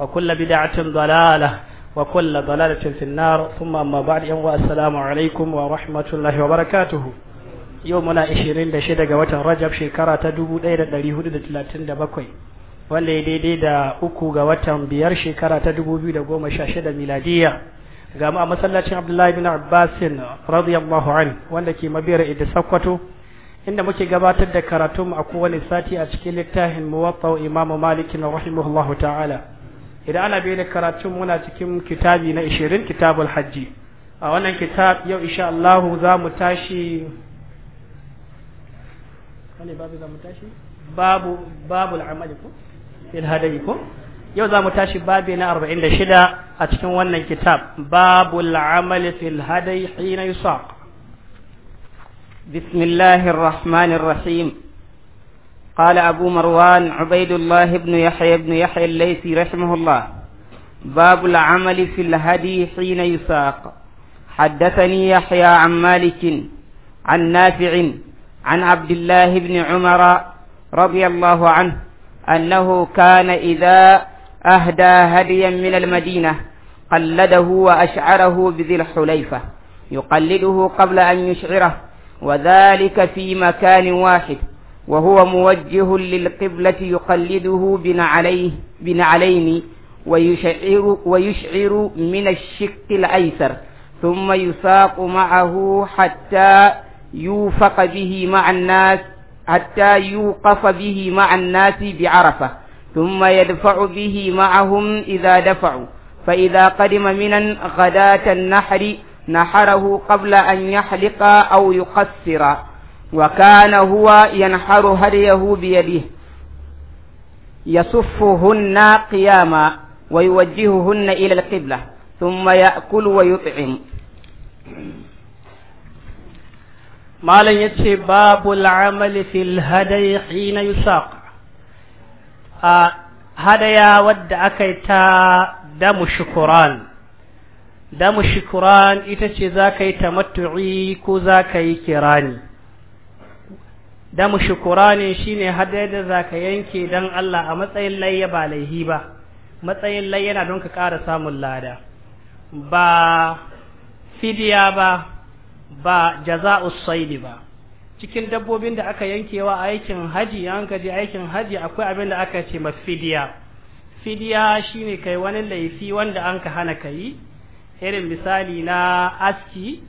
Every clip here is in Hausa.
وكل بدعة ضلالة وكل ضلالة في النار ثم أما بعد يوم السلام عليكم ورحمة الله وبركاته يومنا 26 ga watan Rajab shekara ta 1437 wanda ya daidai da uku ga watan biyar shekara ta 2016 miladiya ga ma masallacin Abdullahi bin Abbas radiyallahu anhu wanda ke mabiyar Idda Sakkwato inda muke gabatar da karatun a kowane sati a cikin littafin Muwatta Imam Malik rahimahullahu ta'ala idan ana bai da karatun muna cikin kitabi na ishirin kitabul hajji a wannan kitab yau insha Allah za mu tashi wani babu za mu tashi babu babul amali ko fil hadayi ko yau za mu tashi babi na 46 a cikin wannan kitab babul amali fil hadayi hina yusaq bismillahir rahmanir rahim قال أبو مروان عبيد الله بن يحيى بن يحيى الليثي رحمه الله باب العمل في الهدي حين يساق حدثني يحيى عن مالك عن نافع عن عبد الله بن عمر رضي الله عنه أنه كان إذا أهدى هديا من المدينة قلده وأشعره بذي الحليفة يقلده قبل أن يشعره وذلك في مكان واحد وهو موجه للقبلة يقلده بنعليه بنعلين ويشعر, ويشعر من الشق الأيسر ثم يساق معه حتى يوفق به مع الناس حتى يوقف به مع الناس بعرفة ثم يدفع به معهم إذا دفعوا فإذا قدم منا غداة النحر نحره قبل أن يحلق أو يقصر وكان هو ينحر هديه بيده يصفهن قياما ويوجههن إلى القبلة ثم يأكل ويطعم ما يتشي باب العمل في الهدي حين يساق آه، هدي ود أكيتا دم شكران دم شكران إتشي ذاكي تمتعي كو ذاكي كراني damu shukurani shine hadaya da zaka yanke don Allah a matsayin layya ba laihi ba matsayin layya na don ka ƙara samun lada ba fidiya ba ba jaza'us saidi ba cikin dabbobin da aka yankewa aikin haji an ka aikin haji akwai abin da aka ce mafidiya fidiya shine kai wani laifi wanda an ka hana kai irin misali na aski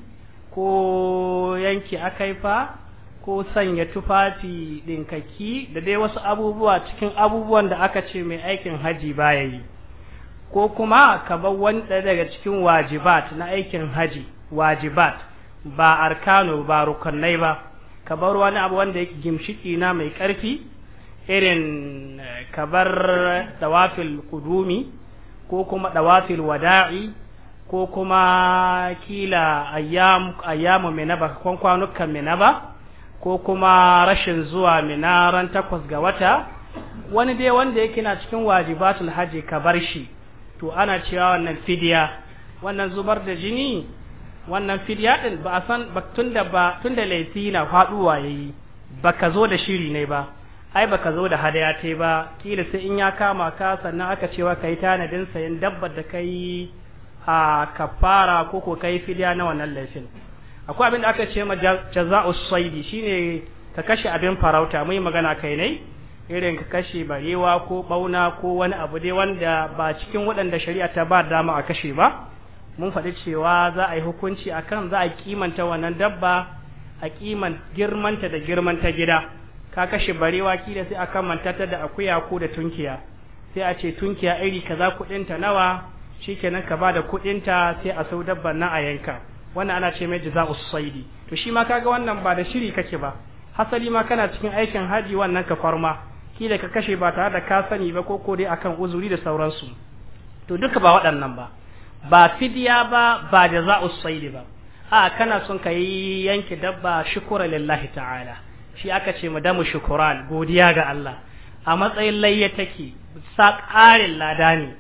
ko yanke akaifa ko sanya tufafi ɗinkaki da dai wasu abubuwa cikin abubuwan da aka ce mai aikin haji baya yi ko kuma ka bar wani daga cikin wajibat na aikin haji wajibat ba arkano ba rukunai ba ka bar wani abu wanda yake gimshiki na mai ƙarfi irin eh, ka bar dawafil kudumi ko kuma dawafil wada'i ko kuma kila ayyamu mai na ba kwanukan mai na ba ko kuma rashin zuwa minaran takwas ga wata wani dai wanda yake na cikin wajibatul haji ka bar shi to ana cewa wannan fidiya wannan zubar da jini wannan fidya din ba a san tunda ba tunda laifi na faduwa yayi baka zo da shiri ne ba ai baka zo da hadaya te ba kila sai in ya kama ka sannan aka cewa kai tanadin sayan dabbar da kai a kafara ko ko kai fidiya na wannan laifin akwai abin da aka ce ma jaza'u saidi shine ka kashe abin farauta mun magana kai ne irin ka kashe barewa ko bauna ko wani abu dai wanda ba cikin waɗanda shari'a ta ba dama a kashe ba mun faɗi cewa za a yi hukunci akan za a kimanta wannan dabba a kiman girmanta da girmanta gida ka kashe barewa kila sai a mantata da akuya ko da tunkiya sai a ce tunkiya iri kaza kuɗinta nawa shikenan ka ba da kuɗinta sai a sau dabban na a yanka wannan ana ce mai jaza usaidi to shi ma kaga wannan ba da shiri kake ba hasali ma kana cikin aikin haji wannan ka farma kila ka kashe ba tare da ka sani ba ko ko dai akan uzuri da sauransu to duka ba waɗannan ba ba fidiya ba ba jaza usaidi ba a kana son ka yi yanke dabba shukura lillahi ta'ala shi aka ce mu damu shukuran godiya ga Allah a matsayin layya take sa ƙarin lada ne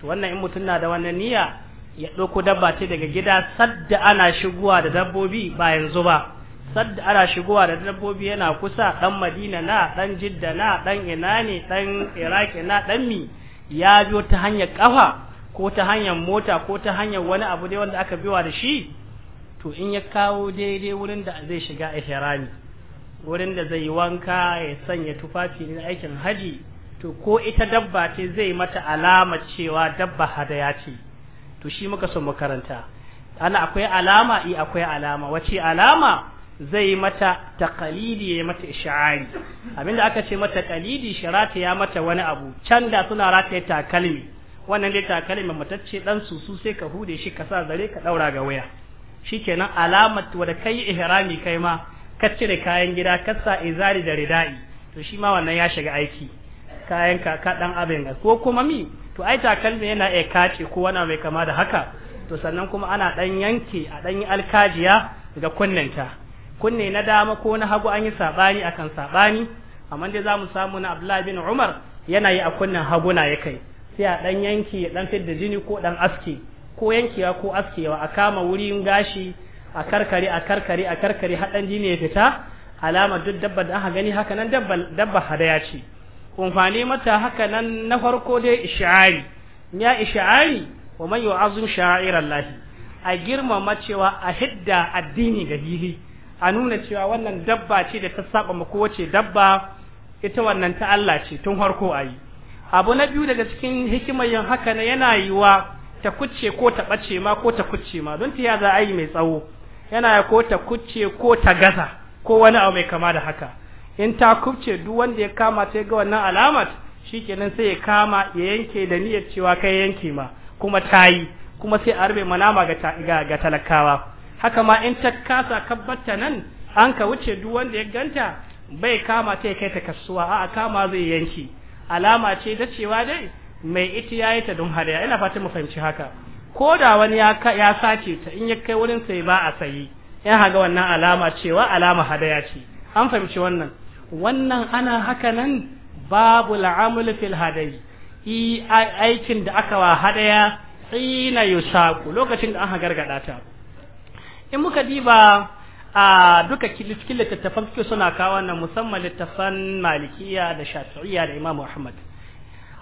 to wannan in mutum na da wannan niyya ya ɗauko dabba ce daga gida sadda ana shigowa da dabbobi ba yanzu ba sadda ana shigowa da dabbobi yana kusa ɗan madina na ɗan jidda na ɗan ina ne ɗan iraki na ɗan mi ya biyo ta hanyar ƙafa ko ta hanyar mota ko ta hanyar wani abu dai wanda aka biwa da shi to in ya kawo daidai wurin da zai shiga ihrami wurin da zai wanka ya sanya tufafi na aikin haji to ko ita dabba ce zai mata alama cewa dabba hadaya ce to shi muka son makaranta ana akwai alama i akwai alama wace alama zai mata taqalidi ya mata ish'ari abinda aka ce mata taqalidi shirata ya mata wani abu can da suna rataye takalmi wannan dai takalmin matacce dan susu sai ka hude shi ka sa zare ka daura ga waya shikenan alamat wanda kai ihrami kai ma ka cire kayan gida ka sa izari da ridai to shi ma wannan ya shiga aiki kayan kaka dan abin ga ko kuma mi to ai takalmi yana iya kace ko wani mai kama da haka to sannan kuma ana dan yanke a dan yi alkajiya ga kunnenta kunne na dama ko na hagu an yi sabani akan sabani amma dai zamu samu na Abdullah bin Umar yana yi a kunnen haguna ya kai sai a dan yanke dan fidda jini ko dan aski ko yankewa ko askewa a kama wurin gashi a karkare a karkare a karkare hadan jini ya fita alama duk dabba da aka gani haka nan dabba dabba hadaya ce kumfani mata haka nan na farko dai isha'ari ya isha'ari wa man yu'azzim sha'irar lahi a girmama cewa a hidda addini ga hihi a nuna cewa wannan dabba ce da ta saba ma kowace dabba ita wannan ta Allah ce tun farko a yi abu na biyu daga cikin hikimar yin haka na yana yiwa ta kucce ko ta ɓace ma ko ta kucce ma don ta ya za a yi mai tsawo yana ko ta kucce ko ta gaza ko wani abu mai kama da haka in ta kubce duk wanda ya kama ta ga wannan alamat shikenan sai ya kama ya yanke da niyyar cewa kai yanke ma kuma tayi kuma sai a rube manama ga ga talakawa haka ma in ta kasa kabbata nan an ka wuce duk wanda ya ganta bai kama ta kai ta kasuwa a'a kama zai yanke alama ce da cewa dai mai ita yayi ta don hadaya ina fatan mu fahimci haka ko da wani ya ya sace ta in ya kai wurin sai ba a sayi in haga wannan alama cewa alama hadaya ce an fahimci wannan wannan ana haka nan babu al'amul fil hadayi i aikin da aka wa hadaya tsina yusaku lokacin da aka gargada ta in muka diba a duka cikin littattafan suke suna kawo nan musamman littattafan malikiya da shafi'iyya da imam ahmad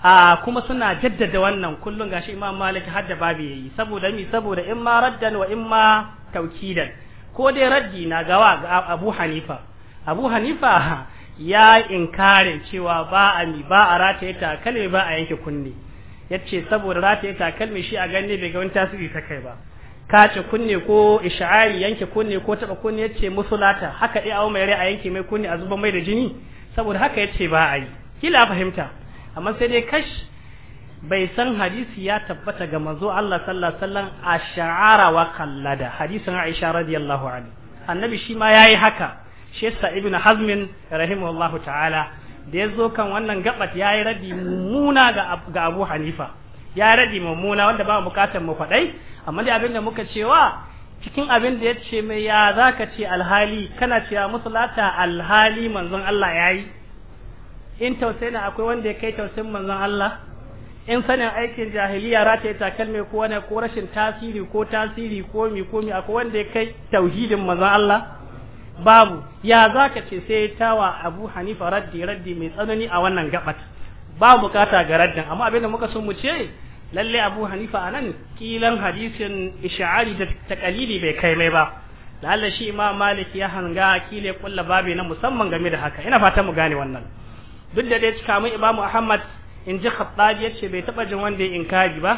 a kuma suna jaddada wannan kullum gashi imam malik har da babu yayi saboda mi saboda in ma raddan wa in ma taukidan ko dai raddi na gawa ga abu hanifa abu hanifa ya inkarin cewa ba a mi ba a rataye takalmi ba a yanke kunne ya ce saboda rataye takalmi shi a ganne bai ga tasiri ta kai ba kace kunne ko isha'ari yanke kunne ko taba kunne yace musulata haka dai awo mai rai a yanke mai kunne a zuba mai da jini saboda haka yace ba a yi kila fahimta amma sai dai kash bai san hadisi ya tabbata ga manzo Allah sallallahu alaihi wasallam sha'ara wa kallada hadisin Aisha radiyallahu anha annabi shi ma yayi haka shesa ibn ibnu hazmin rahimahullahu ta'ala da ya zo kan wannan gabat ya yi radi mummuna ga abu hanifa ya yi radi mummuna wanda ba bukatar mu faɗai amma da abin da muka cewa cikin abin da ya ce mai ya za ka ce alhali kana cewa musulata alhali manzon Allah ya yi in tausayin akwai wanda ya kai tausayin manzon Allah in sanin aikin jahiliya ta yi takalmi ko wani ko rashin tasiri ko tasiri ko mi ko mi akwai wanda ya kai tauhidin manzon Allah babu ya za ka ce sai ta wa Abu Hanifa raddi raddi mai tsanani a wannan gabat babu bukata ga raddin amma abinda muka sun mu ce lalle Abu Hanifa a nan kilan hadisin ish'ari da takalili bai kai mai ba lalle shi ma Malik ya hanga kile kulla babi na musamman game da haka ina fata mu gane wannan duk da dai cika mun imamu Ahmad in ji Khattabi yace bai taba jin wanda ya inkari ba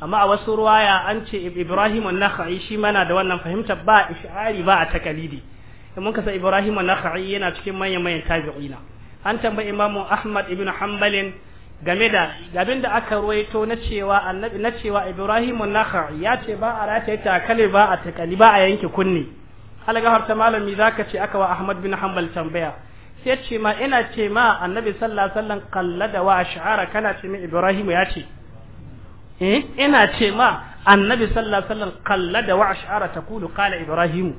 amma a wasu ruwaya an ce Ibrahim an-Nakhai shi mana da wannan fahimtar ba ish'ari ba a takalidi da mun kasa Ibrahim an-Nakhai yana cikin manyan manyan tabi'ina an tambayi Imam Ahmad ibn Hanbalin game da abin da aka ruwaito na cewa annabi na cewa Ibrahim an-Nakhai ya ce ba a rataye takali ba a takali ba a yanke kunni halaga har ta malami zaka ce aka wa Ahmad bin Hanbal tambaya sai ce ma ina ce ma annabi sallallahu alaihi wasallam qallada wa ash'ara kana ce mai Ibrahim ya ce eh ina ce ma annabi sallallahu alaihi wasallam qallada wa ash'ara taqulu qala Ibrahim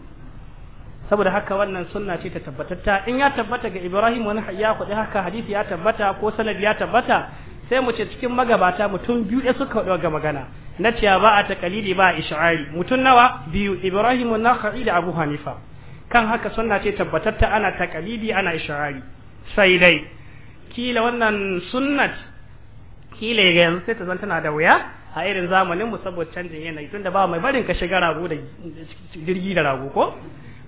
saboda haka wannan sunna ce ta tabbatatta in ya tabbata ga Ibrahim wani ya kudi haka hadisi ya tabbata ko sanadi ya tabbata sai mu ce cikin magabata mutum biyu ya suka faɗi ga magana na ciya ba a takalidi ba a ish'ari mutum nawa biyu Ibrahim na nakhai da Abu Hanifa kan haka sunna ce tabbatatta ana takalidi ana isha'ari sai dai kila wannan sunnat kila ga yanzu sai ta zanta na da wuya a irin zamanin mu saboda canjin yanayi tunda ba mai barin ka shiga rago da jirgi da rago ko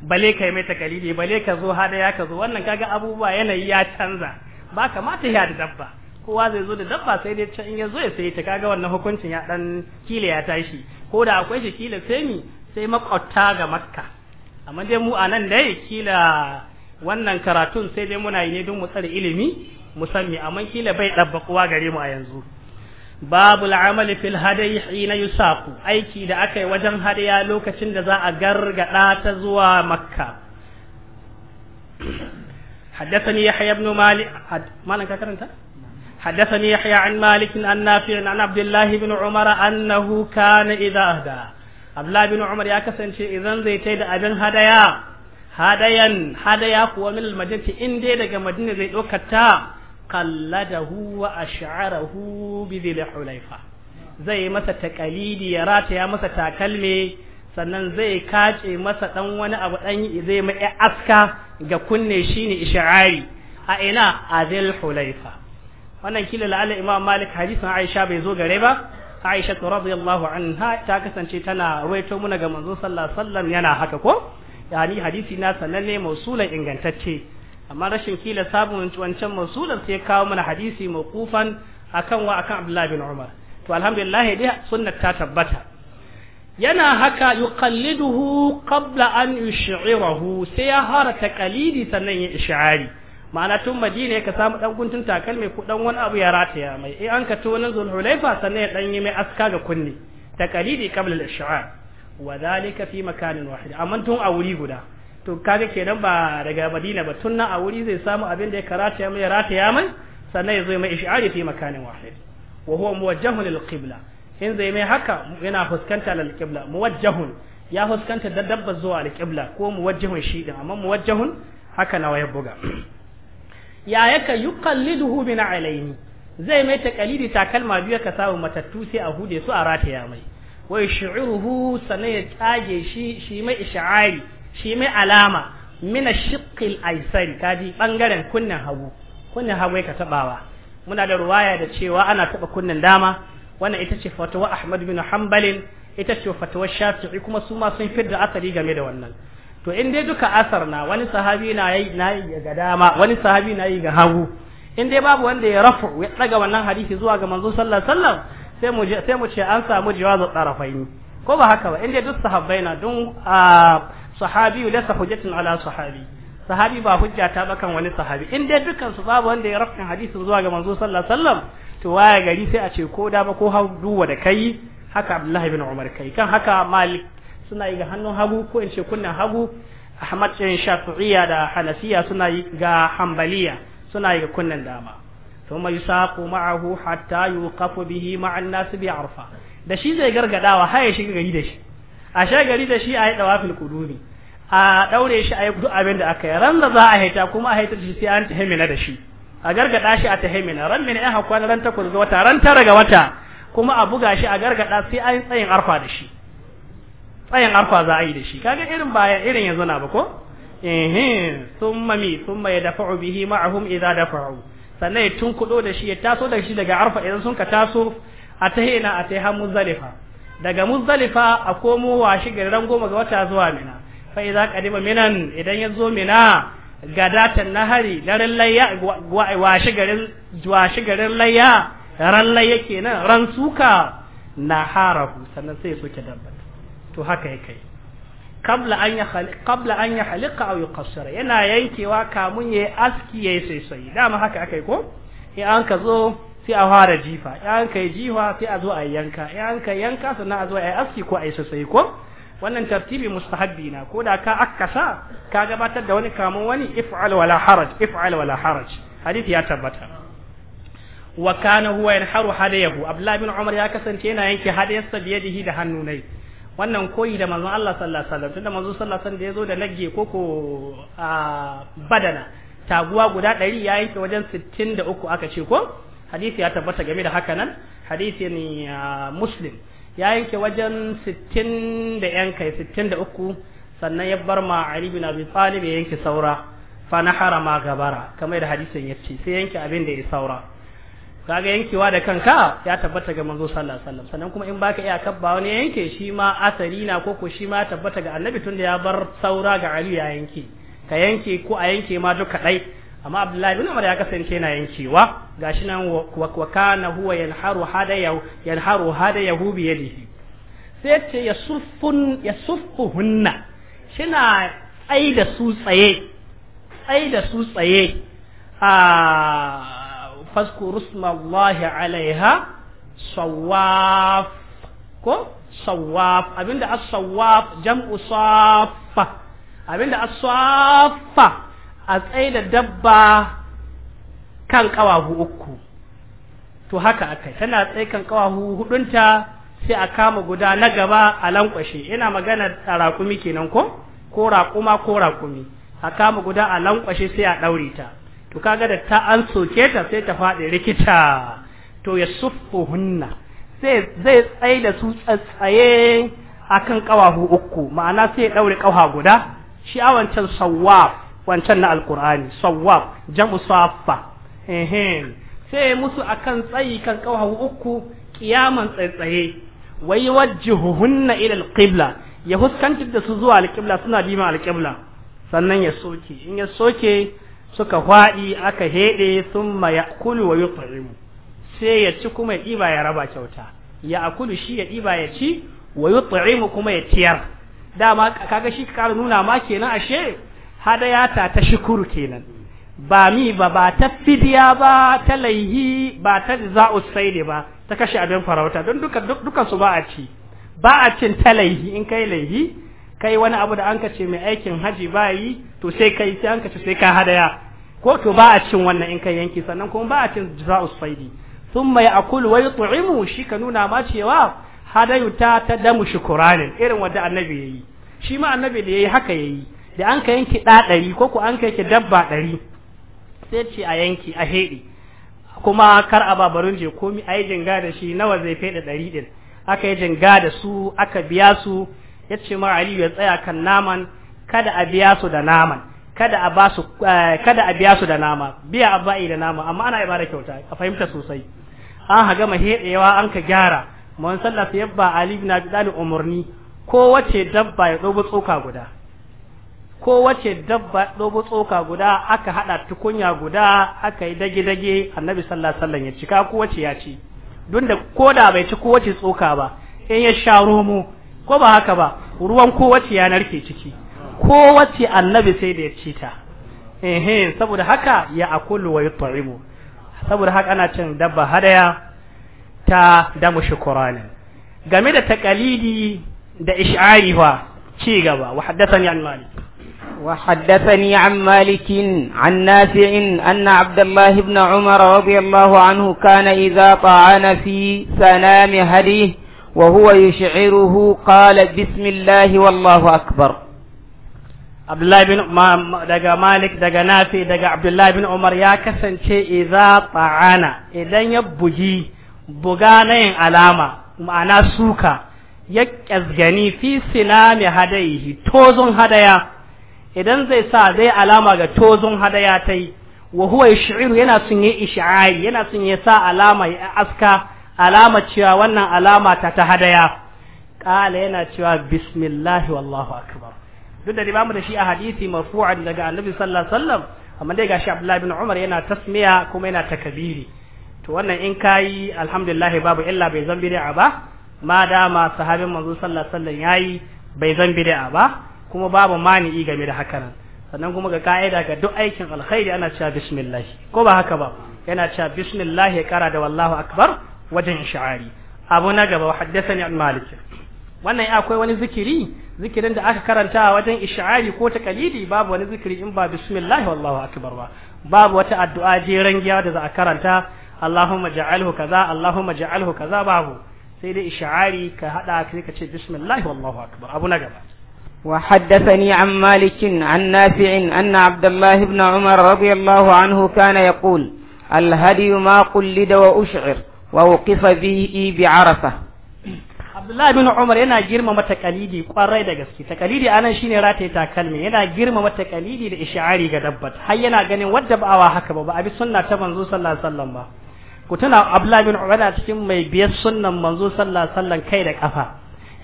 bale ka kai mai takalili bale ka zo hada ya ka zo wannan kaga abubuwa yanayi ya canza ba kamata ya da dabba kowa zai zo da dabba sai dai can in ya zo ya sai ta kaga wannan hukuncin ya dan kila ya tashi ko da akwai shi kila sai mi sai makwabta ga makka amma dai mu anan dai kila wannan karatun sai dai muna yi ne don mu tsare ilimi musammi amma kila bai dabba kowa gare mu a yanzu babu al'amali fil hadayi hina yusaku aiki da aka yi wajen hadaya lokacin da za a gargada ta zuwa makka حدثني يحيى بن مالك ما لك كرنت حدثني يحيى عن مالك عن نافع عن عبد الله بن عمر أنه كان إذا أهدى عبد الله بن عمر يكسن شيء إذن زي تيد أبن هدايا هدايا هدايا هو من المدينة إن دي دقى مدينة زي أوكتا qalladahu wa ash'arahu bi dhil hulaifa zai masa takalidi ya rataya masa takalme sannan zai kace masa dan wani abu dan zai mai aska ga kunne shine ish'ari a ina a dhil wannan kila la'ala imam malik hadisin aisha bai zo gare ba aisha radhiyallahu anha ta kasance tana ruwaito muna ga manzo sallallahu alaihi wasallam yana haka ko yani hadisi na ne mausulan ingantacce amma rashin kila sabon wancan masular sai kawo mana hadisi mawqufan akan wa akan Abdullah bin Umar to alhamdulillah dai sunnat ta tabbata yana haka yuqalliduhu qabla an yush'irahu sai ya ta taqalidi sannan ya ish'ari ma'ana tun madina ka samu dan guntun takalmi ko dan wani abu ya rataya mai eh an ka tonan zulhulaifa sannan ya dan yi mai aska ga kunni taqalidi qabla al-ish'ar wa dhalika fi makanin wahid amma tun a wuri guda to kaga kenan ba daga madina ba tun nan a wuri zai samu abin da ya karata ya mai rataya mai sannan ya zo mai ish'ari fi makanin wahid wa huwa muwajjahun lil qibla in zai mai haka yana fuskanta lil qibla muwajjahun ya fuskanta da dabba zuwa lil qibla ko muwajjahun shi din amma muwajjahun haka nawa ya buga ya yaka yuqalliduhu min alaini zai mai taqalidi takalma biyu ka samu matattu sai a hude su a rataya mai wa shi'ruhu sannan ya tsage shi shi mai ish'ari shi mai alama mina shiqqil aisari kaji bangaren kunnen hagu kunnen hagu ka tabawa muna da ruwaya da cewa ana taba kunnen dama wannan ita ce fatawa Ahmad bin Hambalin ita ce fatawa Shafi'i kuma su ma sun fidda asali game da wannan to in dai duka asar na wani sahabi na yi ga dama wani sahabi na yi ga hagu in dai babu wanda ya rafu ya ɗaga wannan hadisi zuwa ga manzo sallallahu sai mu sai mu ce an samu jawazu tarafaini ko ba haka ba in dai duk sahabbai na don ah, sahabi laysa hujjatun ala sahabi sahabi ba hujja ta bakan wani sahabi in dai dukkan su babu wanda ya rafin hadisin zuwa ga manzo sallallahu alaihi wasallam to waya gari sai a ce ko da ba ko duwa da kai haka Abdullahi bin Umar kai kan haka Malik suna yi ga hannun hagu ko in ce kunnen hagu Ahmad bin shafi'iya da Hanafiya suna yi ga Hanbaliya suna yi ga kunnen dama thumma yusaqu ma'ahu hatta yuqafu bihi ma'an nas bi arfa da shi zai gargadawa har ya shiga gari da shi a shagari da shi a yi dawafil kudumi a daure shi a yi duk abin da aka yi ran da za a haita kuma a haita shi sai an tahimina da shi a gargada shi a tahimina ran mina ya na ran takwas ga wata ran tara ga wata kuma a buga shi a gargada sai an tsayin arfa da shi tsayin arfa za a yi da shi kaga irin baya irin yanzu na ba ko eh summa mi summa yadfa'u bihi ma'ahum dafa dafa'u sannan ya tunkuɗo da shi ya taso da shi daga arfa idan sun ka taso a tahina a tahamu zalifa daga muzdalifa a komo wa washi garin goma ga wata zuwa mina fa idza qadima minan idan ya zo mina gadatan nahari daren layya washi garin shi garin layya ran layya kenan ran suka naharahu sannan sai soke dabbat to haka yake qabla an ya qabla an ya halika aw yuqassira yana yankewa kamun yayi aski yayi sai sai dama haka akai ko in an ka zo sai a fara jifa yan kai jifa sai a zo a yanka yan kai yanka sannan a zo a yi aski ko a yi sosai ko wannan tartibi mustahabbi na ko da ka akasa ka gabatar da wani kamun wani if'al wala haraj if'al wala haraj hadith ya tabbata wa kana huwa yanharu hadayahu abdullah bin umar ya kasance yana yanke hadayarsa yadihi da hannu nai wannan koyi da manzon Allah sallallahu alaihi wasallam tunda manzon sallallahu alaihi wasallam da yazo da nagge koko badana taguwa guda 100 ya yanke wajen 63 aka ce ko hadisi ya tabbata game da haka nan hadisi ne ah, muslim ya yanke wajen sittin da yan kai uku sannan ya bar ma Ali bin Abi Talib ya yanke saura fa na harama gabara kamar da hadisin ya ce sai yanke abin da ya saura kaga yankewa da kanka ya tabbata ga manzo sallallahu alaihi wasallam sannan kuma in baka iya kabba wani yanke shi ma asari na ko ko shi ma tabbata ga annabi tunda ya bar saura ga Ali ya yanke ka yanke ko a yanke ma duka dai amma abdullahi bin umar ya kasance yana yankewa gashi nan wa kana huwa yanharu hada yanharu hubi bi yadihi sai ya ce yasuffun yasuffuhunna shina tsai da su tsaye tsai da su tsaye a fazkuru smallahi alaiha sawaf ko sawaf abinda as-sawaf jam'u saffa abinda as-saffa a tsaida dabba kan kawahu uku to haka akai tana tsaye kan kawahu hudunta sai a kama guda na gaba a lankwashe ina magana raƙumi kenan ko ko raƙuma ko raƙumi a kama guda a lankwashe sai a ɗaure ta to kaga da ta an soke ta sai ta faɗi rikita to ya hunna, sai zai tsaye da su tsatsaye akan kawahu uku ma'ana sai ya ɗaure ƙawa guda shi awancan sawwaf wancan na alkur'ani sawab jam'u saffa sai musu akan tsayi kan kawahu uku kiyaman tsaitsaye wai wajjihuhunna ila alqibla ya huskantar da su zuwa alqibla suna bima alqibla sannan ya soke in ya soke suka fadi aka heɗe thumma ya'kulu wa yut'imu sai ya ci kuma ya ɗiba ya raba kyauta ya akulu shi ya ɗiba ya ci wa yut'imu kuma ya tiyar dama kaga shi ka nuna ma kenan ashe hadaya ta ta shukuru kenan ba mi ba ba ta fidiya ba ta laihi ba ta za'u ne ba ta kashe abin farauta don duka duka su ba a ci ba a cin ta laihi in kai laihi kai wani abu da an ka ce mai aikin haji ba yi to sai kai sai an ka ce sai ka hadaya ko to ba a cin wannan in kai yanki sannan kuma ba a cin za'u saili thumma ya'kulu wa yut'imu shi ka nuna ma cewa hadayu ta ta damu shukuranin irin wanda annabi yayi shi ma annabi da yayi haka yayi da an ka yanki ɗa ɗari ko ku an ka yanki dabba ɗari sai ce a yanki a heɗi kuma kar a babarun je komi a yi jinga da shi nawa zai feɗa ɗari ɗin aka yi jinga da su aka biya su ya ce ma aliyu ya tsaya kan naman kada a biya su da naman kada a basu eh, kada a biya su da nama biya a ba'i da nama amma ana ibada kyauta a fahimta sosai an haga maheɗewa an ka gyara mun sallah yabba ali ibn abi talib umurni ko wace dabba ya dubo tsoka guda ko wace dabba dogo tsoka guda aka hada tukunya guda aka yi dage-dage annabi sallallahu alaihi wasallam ya ci ko wace ya ci don da koda bai ci ko wace tsoka ba in ya sha romo ko ba haka ba ruwan ko wace ya narke ciki ko wace annabi sai da ya ci ta ehe saboda haka ya akulu wa yut'imu saboda haka ana cin dabba hadaya ta damu shukurani game da takalidi da ish'ari fa ci gaba wa haddathani an malik وحدثني عن مالك عن نافع أن عبد الله بن عمر رضي الله عنه كان إذا طعن في سنام هديه وهو يشعره قال بسم الله والله أكبر عبد الله بن دقا مالك دقا نافع دقا عبد الله بن عمر يا كسن شيء إذا طعن إذا يبجي بغانين علامة معنى سوكا يكزغني في سنام هديه توزن هدايا idan zai sa zai alama ga tozon hadaya ta yi wa huwa shi'iru yana sun yi ish'ari yana sun yi sa alama ya aska alama cewa wannan alama ta ta hadaya ƙala yana cewa bismillahi wallahu akbar duk da imamu da shi a hadisi marfu'an daga annabi sallallahu alaihi wasallam amma dai gashi abdullahi bin umar yana tasmiya kuma yana takabiri to wannan in kayi alhamdulillah babu illa bai zan bid'a ba ma dama sahabin manzo sallallahu alaihi wasallam yayi bai zan bid'a ba kuma babu mani'i game da haka nan sannan kuma ga ka'ida ga duk aikin alkhairi ana cewa bismillah ko ba haka ba yana cewa bismillah ya kara da wallahu akbar wajen shi'ari abu na gaba haddathani an malik wannan akwai wani zikiri zikirin da aka karanta wajen ish'ari ko ta kalidi babu wani zikiri in ba bismillah wallahu akbar ba babu wata addu'a jeran giya da za a karanta Allahumma ja'alhu kaza Allahumma ja'alhu kaza babu sai dai ish'ari ka hada kai ka ce bismillah wallahu akbar abu na gaba وحدثني عن مالك عن نافع Umar عبد الله بن عمر رضي الله عنه كان يقول الهدي ما قلد وأشعر ووقف به بعرفة Abdullahi bin Umar yana girmama takalidi kwarai da gaske takalidi anan shine rataye takalmi yana girmama takalidi da isha'ari ga dabbat har yana ganin wadda ba awa haka ba ba abi sunna ta manzo sallallahu alaihi ba ku Abdullahi bin Umar yana cikin mai biyar sunnan manzo sallallahu kai da kafa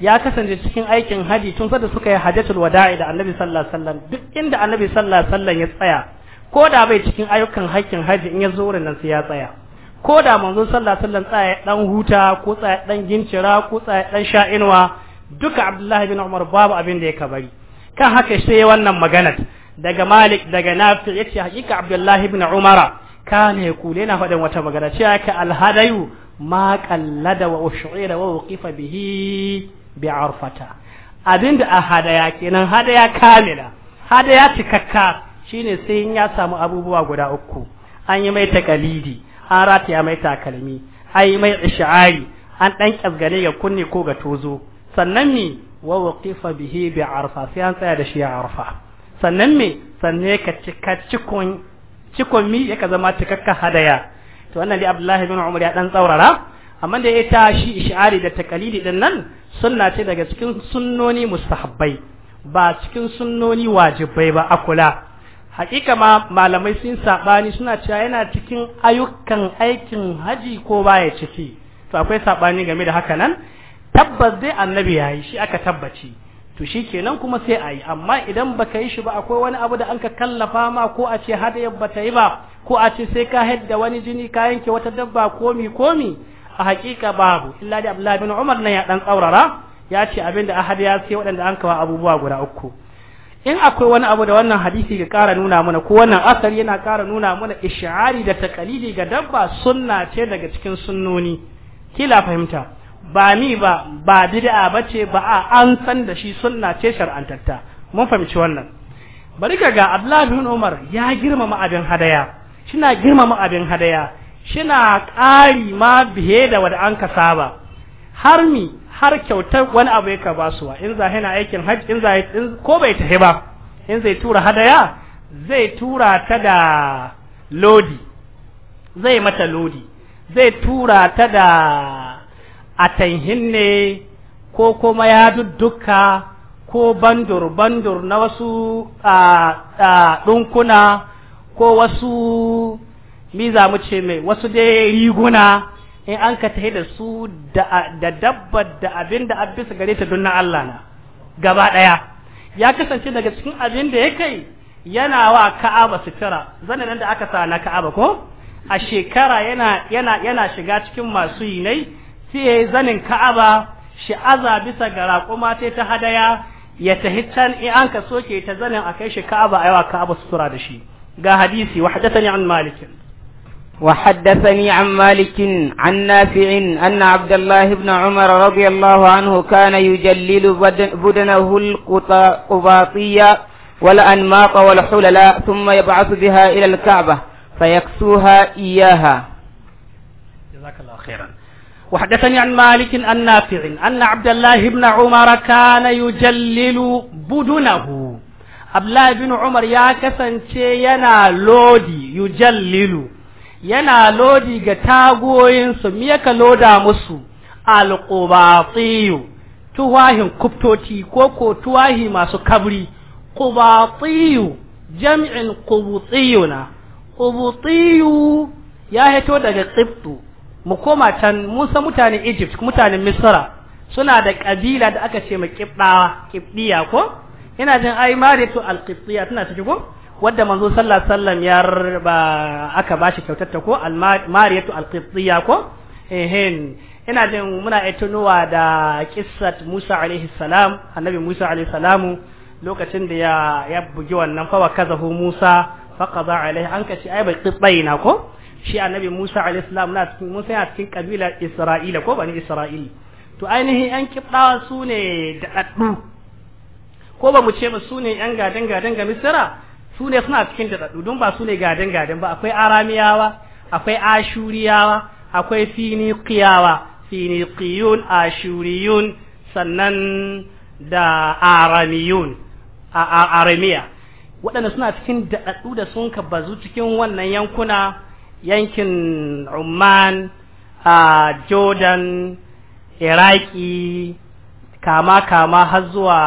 ya kasance cikin aikin haji tun sada suka yi hajjatul wada'i da annabi sallallahu alaihi wasallam duk inda annabi sallallahu alaihi wasallam ya tsaya ko da bai cikin ayyukan haƙƙin haji in ya zo wurin nan sai ya tsaya ko da manzo sallallahu alaihi wasallam tsaya dan huta ko tsaya dan gincira ko tsaya dan sha'inwa duka abdullahi bin umar babu abin da ya kabari kan haka sai wannan maganar daga malik daga nafi yace hakika abdullahi bin umara kana yakule na faɗin wata magana cewa ka alhadayu ma qallada wa ushira wa uqifa bihi bi arfata abinda a hadaya kenan hadaya kamila hadaya cikakka shine sai in ya samu abubuwa guda uku an yi mai takalidi an rataya mai takalmi an yi mai isha'ari an dan kasgane ga kunne ko ga tozo sannan me wa waqifa bihi bi arfa sai an tsaya da shi a arfa sannan me sannan ka cika cikon cikon mi yaka zama cikakka hadaya to wannan dai Abdullahi bin Umar ya dan tsaurara amma da ita shi isha'ari da takalidi din nan sunna ce daga cikin sunnoni mustahabbai ba cikin sunnoni wajibai ba a kula hakika ma malamai sun sabani suna cewa yana cikin ayyukan aikin haji ko baya ciki to akwai sabani game da haka nan tabbas dai annabi yayi shi aka tabbaci to shikenan kuma sai ayi amma idan baka yi shi ba akwai wani abu da anka kallafa ma ko a ce hada yabba ta yi ba ko a ce sai ka hadda wani jini ka yanke wata dabba komi komi a hakika babu illa da Abdullahi bin Umar nan ya dan tsaurara ya ce abinda ahad ya sai waɗanda an kawo abubuwa guda uku in akwai wani abu da wannan hadisi ga ƙara nuna mana ko wannan asar yana ƙara nuna mana ish'ari da takalidi ga dabba sunna ce daga cikin sunnoni kila fahimta ba ni ba ba bid'a bace ba a an san da shi sunna ce shar'antatta mun fahimci wannan bari ga Abdullahi bin Umar ya girmama abin hadaya shina girmama abin hadaya shina ƙari ma biye da wanda an ka saba har mi har kyautar wani abu yake ba suwa in za yana aikin hajji in za ko bai tafi ba in zai tura hadaya zai tura ta da lodi zai mata lodi zai tura ta da atanhin ne ko kuma ya dudduka ko bandur-bandur na wasu a ɗunkuna ko wasu mi za mu ce mai wasu dai riguna in an ka tahi da su da dabbar da abin da abin su gare ta don na Allah na gaba ɗaya ya kasance daga cikin abin da ya kai yana wa ka'aba sutura zanen da aka sa na ka'aba ko a shekara yana yana yana shiga cikin masu yi nai sai zanin ka'aba shi aza bisa ga raƙuma ta ta hadaya ya tahi can in an ka soke ta zanin a kai shi ka'aba a yawa ka'aba sutura da shi ga hadisi wa hadathani an malikin وحدثني عن مالك عن نافع أن عبد الله بن عمر رضي الله عنه كان يجلل بدنه القباطية والأنماط والحللاء ثم يبعث بها إلى الكعبة فيكسوها إياها جزاك الله خيرا وحدثني عن مالك عن نافع أن عبد الله بن عمر كان يجلل بدنه عبد الله بن عمر يا كسن شينا لودي يجلل yana lodi ga tagoyinsu ka loda musu alƙubatsiyu tuwahin kuftoti ko ko tuwahi masu kabri ƙubatsiyu jami'in ƙubutsiyu na ƙubutsiyu ya hito daga tsibtu mu koma can musa mutanen egypt mutanen misra suna da ƙabila da aka ce ma ƙibɗiya ko ina jin ai to alƙibɗiya tana ciki ko wadda manzo sallallahu alaihi wasallam ya ba aka bashi kyautar ko al-mariyatu al ko ehin ina jin muna tunowa da kissat Musa alaihi salam annabi Musa alaihi salamu lokacin da ya ya bugi wannan fa wakazahu Musa faqada alaihi an kace ai bai qibtayna ko shi annabi Musa alaihi salam na cikin Musa ya cikin kabila Isra'ila ko bani Isra'il to ainihin yan kibdawa su ne da ko ba mu ce ba su ne yan gadan gadan ga Misra su ne suna cikin daɗaɗɗu don ba su ne gadin gadin ba akwai aramiyawa akwai ashuriyawa akwai finiqiyawa finiqiyun ashuriyun sannan da aramiyun a aramiya waɗanda suna cikin daɗaɗɗu da sun ka bazu cikin wannan yankuna yankin Oman a Jordan Iraki kama kama har zuwa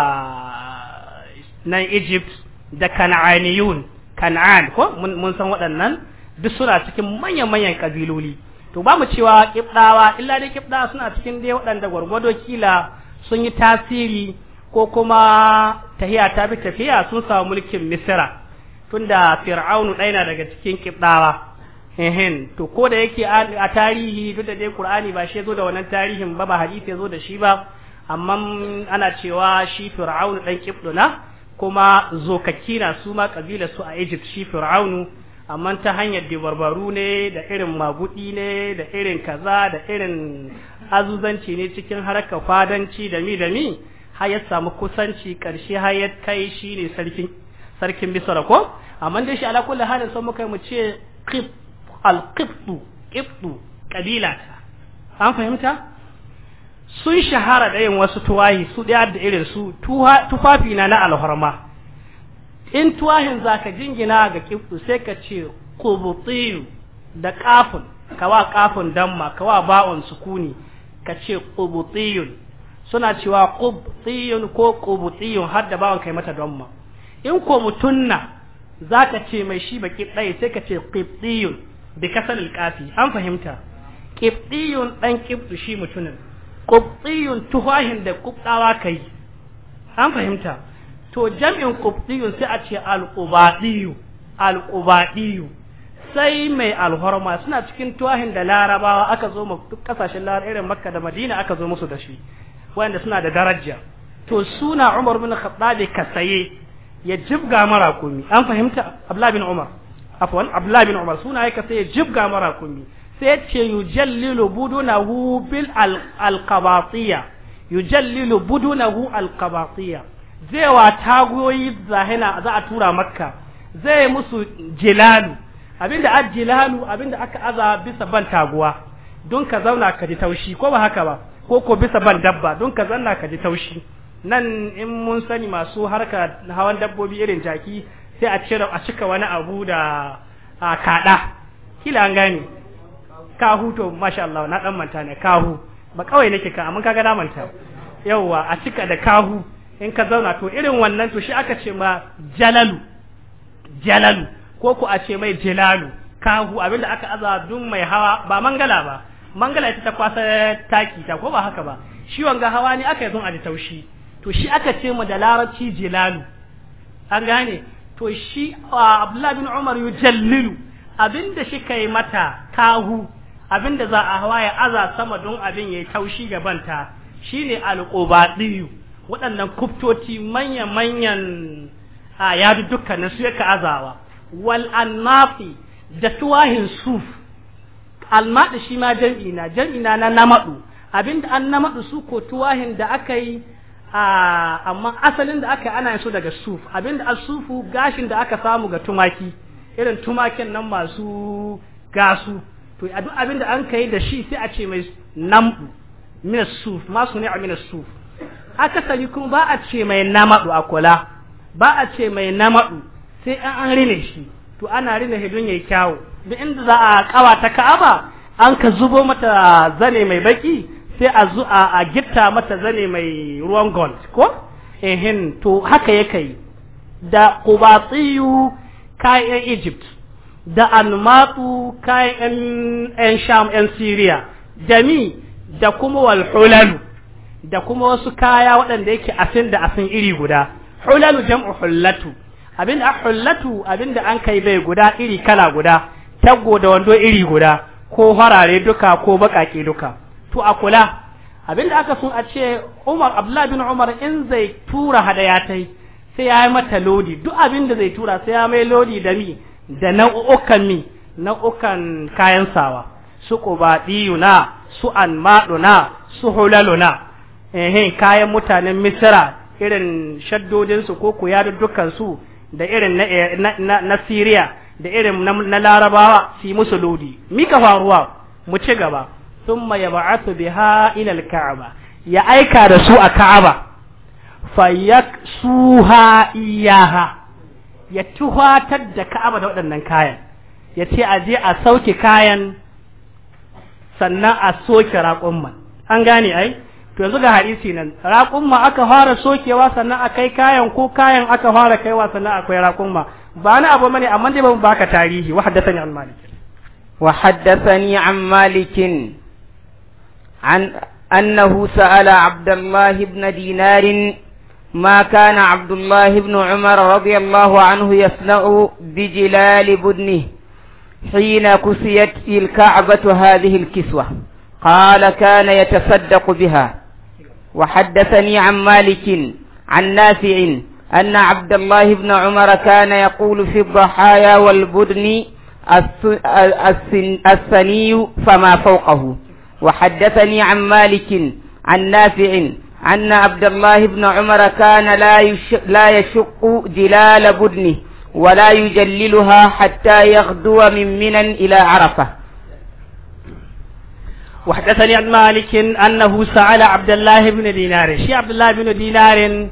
nan Egypt da kan'aniyun kan'an ko mun san waɗannan duk suna cikin manyan-manyan kabiloli to ba mu cewa kibdawa illa dai kibdawa suna cikin dai waɗanda gwargwado kila sun yi tasiri ko kuma tahiya ta bi tafiya sun samu mulkin misira tunda fir'aunu ɗaya na daga cikin kibdawa ehen to ko da yake a tarihi duk da dai qur'ani ba shi zo da wannan tarihin ba ba hadisi zo da shi ba amma ana cewa shi fir'aunu dan kibduna kuma zokakina su ma kabila su a Egypt shi Fir'aunu amma ta hanyar barbaru ne da irin magudi ne da irin kaza da irin azuzanci ne cikin harkar fadanci da mi da mi har ya samu kusanci karshe har ya kai shi ne sarkin sarkin ko amma dai shi ala kullu halin sun muka mu ce qib al qibtu qibtu kabila an fahimta sun shahara da yin wasu tuwahi su ɗaya da irin su tufafi na na alhorma in tuwahin za ka jingina ga kifu sai ka ce kubutiyu da kafin kawa kafin damma kawa ba'on sukuni ka ce kubutiyun suna cewa kubutiyun ko kubutiyun har da ba'on kai mata damma in ko za ka ce mai shi baki ɗaya sai ka ce kubutiyun da kasar an fahimta kubutiyun ɗan kifu shi mutumin. qubtiyun tuhahin da qubtawa kai an fahimta to jam'in qubtiyun sai a ce alqubadiyu alqubadiyu sai mai alhorma suna cikin tuwahin da larabawa aka zo ma duk kasashen larabawa irin makka da madina aka zo musu da shi wanda suna da daraja to suna umar bin khattab ka saye ya jibga mara kumi an fahimta abdullah bin umar afwan abdullah bin umar suna ya ka saye jibga mara kumi sai ce yujallilu budunahu bil alqabatiya yujallilu budunahu alqabatiya zai wa tagoyi zahina za a tura makka zai musu jilalu abinda a jilalu abinda aka aza bisa ban taguwa don ka zauna ka ji taushi ko ba haka ba ko ko bisa ban dabba don ka zanna ka ji taushi nan in mun sani masu harka hawan dabbobi irin jaki sai a cire a cika wani abu da kada kila an gane kahu to masha Allah na dan manta ne kahu ba kawai nake ka amma kaga na manta yawa a cika da kahu in ka zauna to irin wannan to shi aka ce ma jalalu jalalu ko ku a ce mai jalalu kahu abinda aka aza dun mai hawa ba mangala ba mangala ita ta kwasa taki ta ko ba haka ba shi wanga hawa ne aka yi a da taushi to shi aka ce ma da larabci jilalu an gane to shi abdullahi bin umar yujallilu abinda shi kai mata kahu abinda za a hawa ya aza sama don abin ya yi taushi gabanta ne alqubadiyu waɗannan kuftoci manya-manyan a yadu dukkanin su ka azawa wal annafi da tuwahin suf almaɗi shi ma jam'i na jam'i na na namaɗu abinda an namaɗu su ko tuwahin da aka yi amma asalin da aka ana so daga suf abinda as sufu gashin da aka samu ga tumaki irin tumakin nan masu gasu to a duk abin da an kai da shi sai a ce mai nambu min suf ma suni'a min suf akasari kuma ba a ce mai namadu a kula ba a ce mai namadu sai an an rine shi to ana rine shi ya kyawo kyawu duk inda za a kawata ka'aba an ka zubo mata zane mai baki sai a zu a gitta mata zane mai ruwan gold ko ehin to haka yake da qubatiyu kayan Egypt da almatu kayan yan sham yan siriya dami da kuma walhulalu da kuma wasu kaya waɗanda yake asin da asin iri guda hulalu jam'u hullatu abinda hullatu abinda an kai bai guda iri kala guda taggo da wando iri guda ko harare duka ko baƙaƙe duka to a kula abinda aka sun a ce Umar Abdullahi bin Umar in zai tura hadayatai sai ya yi mata lodi duk abinda zai tura sai ya mai lodi da mi da nau'ukan mi nau'ukan kayan sawa su ƙubaɗiyuna su anmaɗuna su hulaluna eh kayan mutanen Misira irin shaddodin su ko kuyaduddukan su da irin na eh, na, na da irin na, na Larabawa si musu lodi mika faruwa mu ci gaba thumma yab'athu biha ila al ya aika da su a Ka'aba suha iyaha ya tuhatar da ka'aba da waɗannan kayan ya ce a je a sauke kayan sannan a soke raƙumma an gane ai to yanzu ga hadisi nan raƙumma aka fara sokewa sannan a kai kayan ko kayan aka fara kaiwa sannan akwai raƙumma ba na abu mani amma dai ba mu baka tarihi wa haddathani an malik wa haddathani an malik an annahu sa'ala abdullah ibn dinar ما كان عبد الله بن عمر رضي الله عنه يصنع بجلال بدنه حين كسيت الكعبة هذه الكسوة قال كان يتصدق بها وحدثني عن مالك عن نافع أن عبد الله بن عمر كان يقول في الضحايا والبدن السني فما فوقه وحدثني عن مالك عن نافع أن عبد الله بن عمر كان لا لا يشق جلال بدنه ولا يجللها حتى يغدو من منى إلى عرفة وحدثني عن مالك أنه سأل عبد الله بن دينار شي عبد الله بن دينار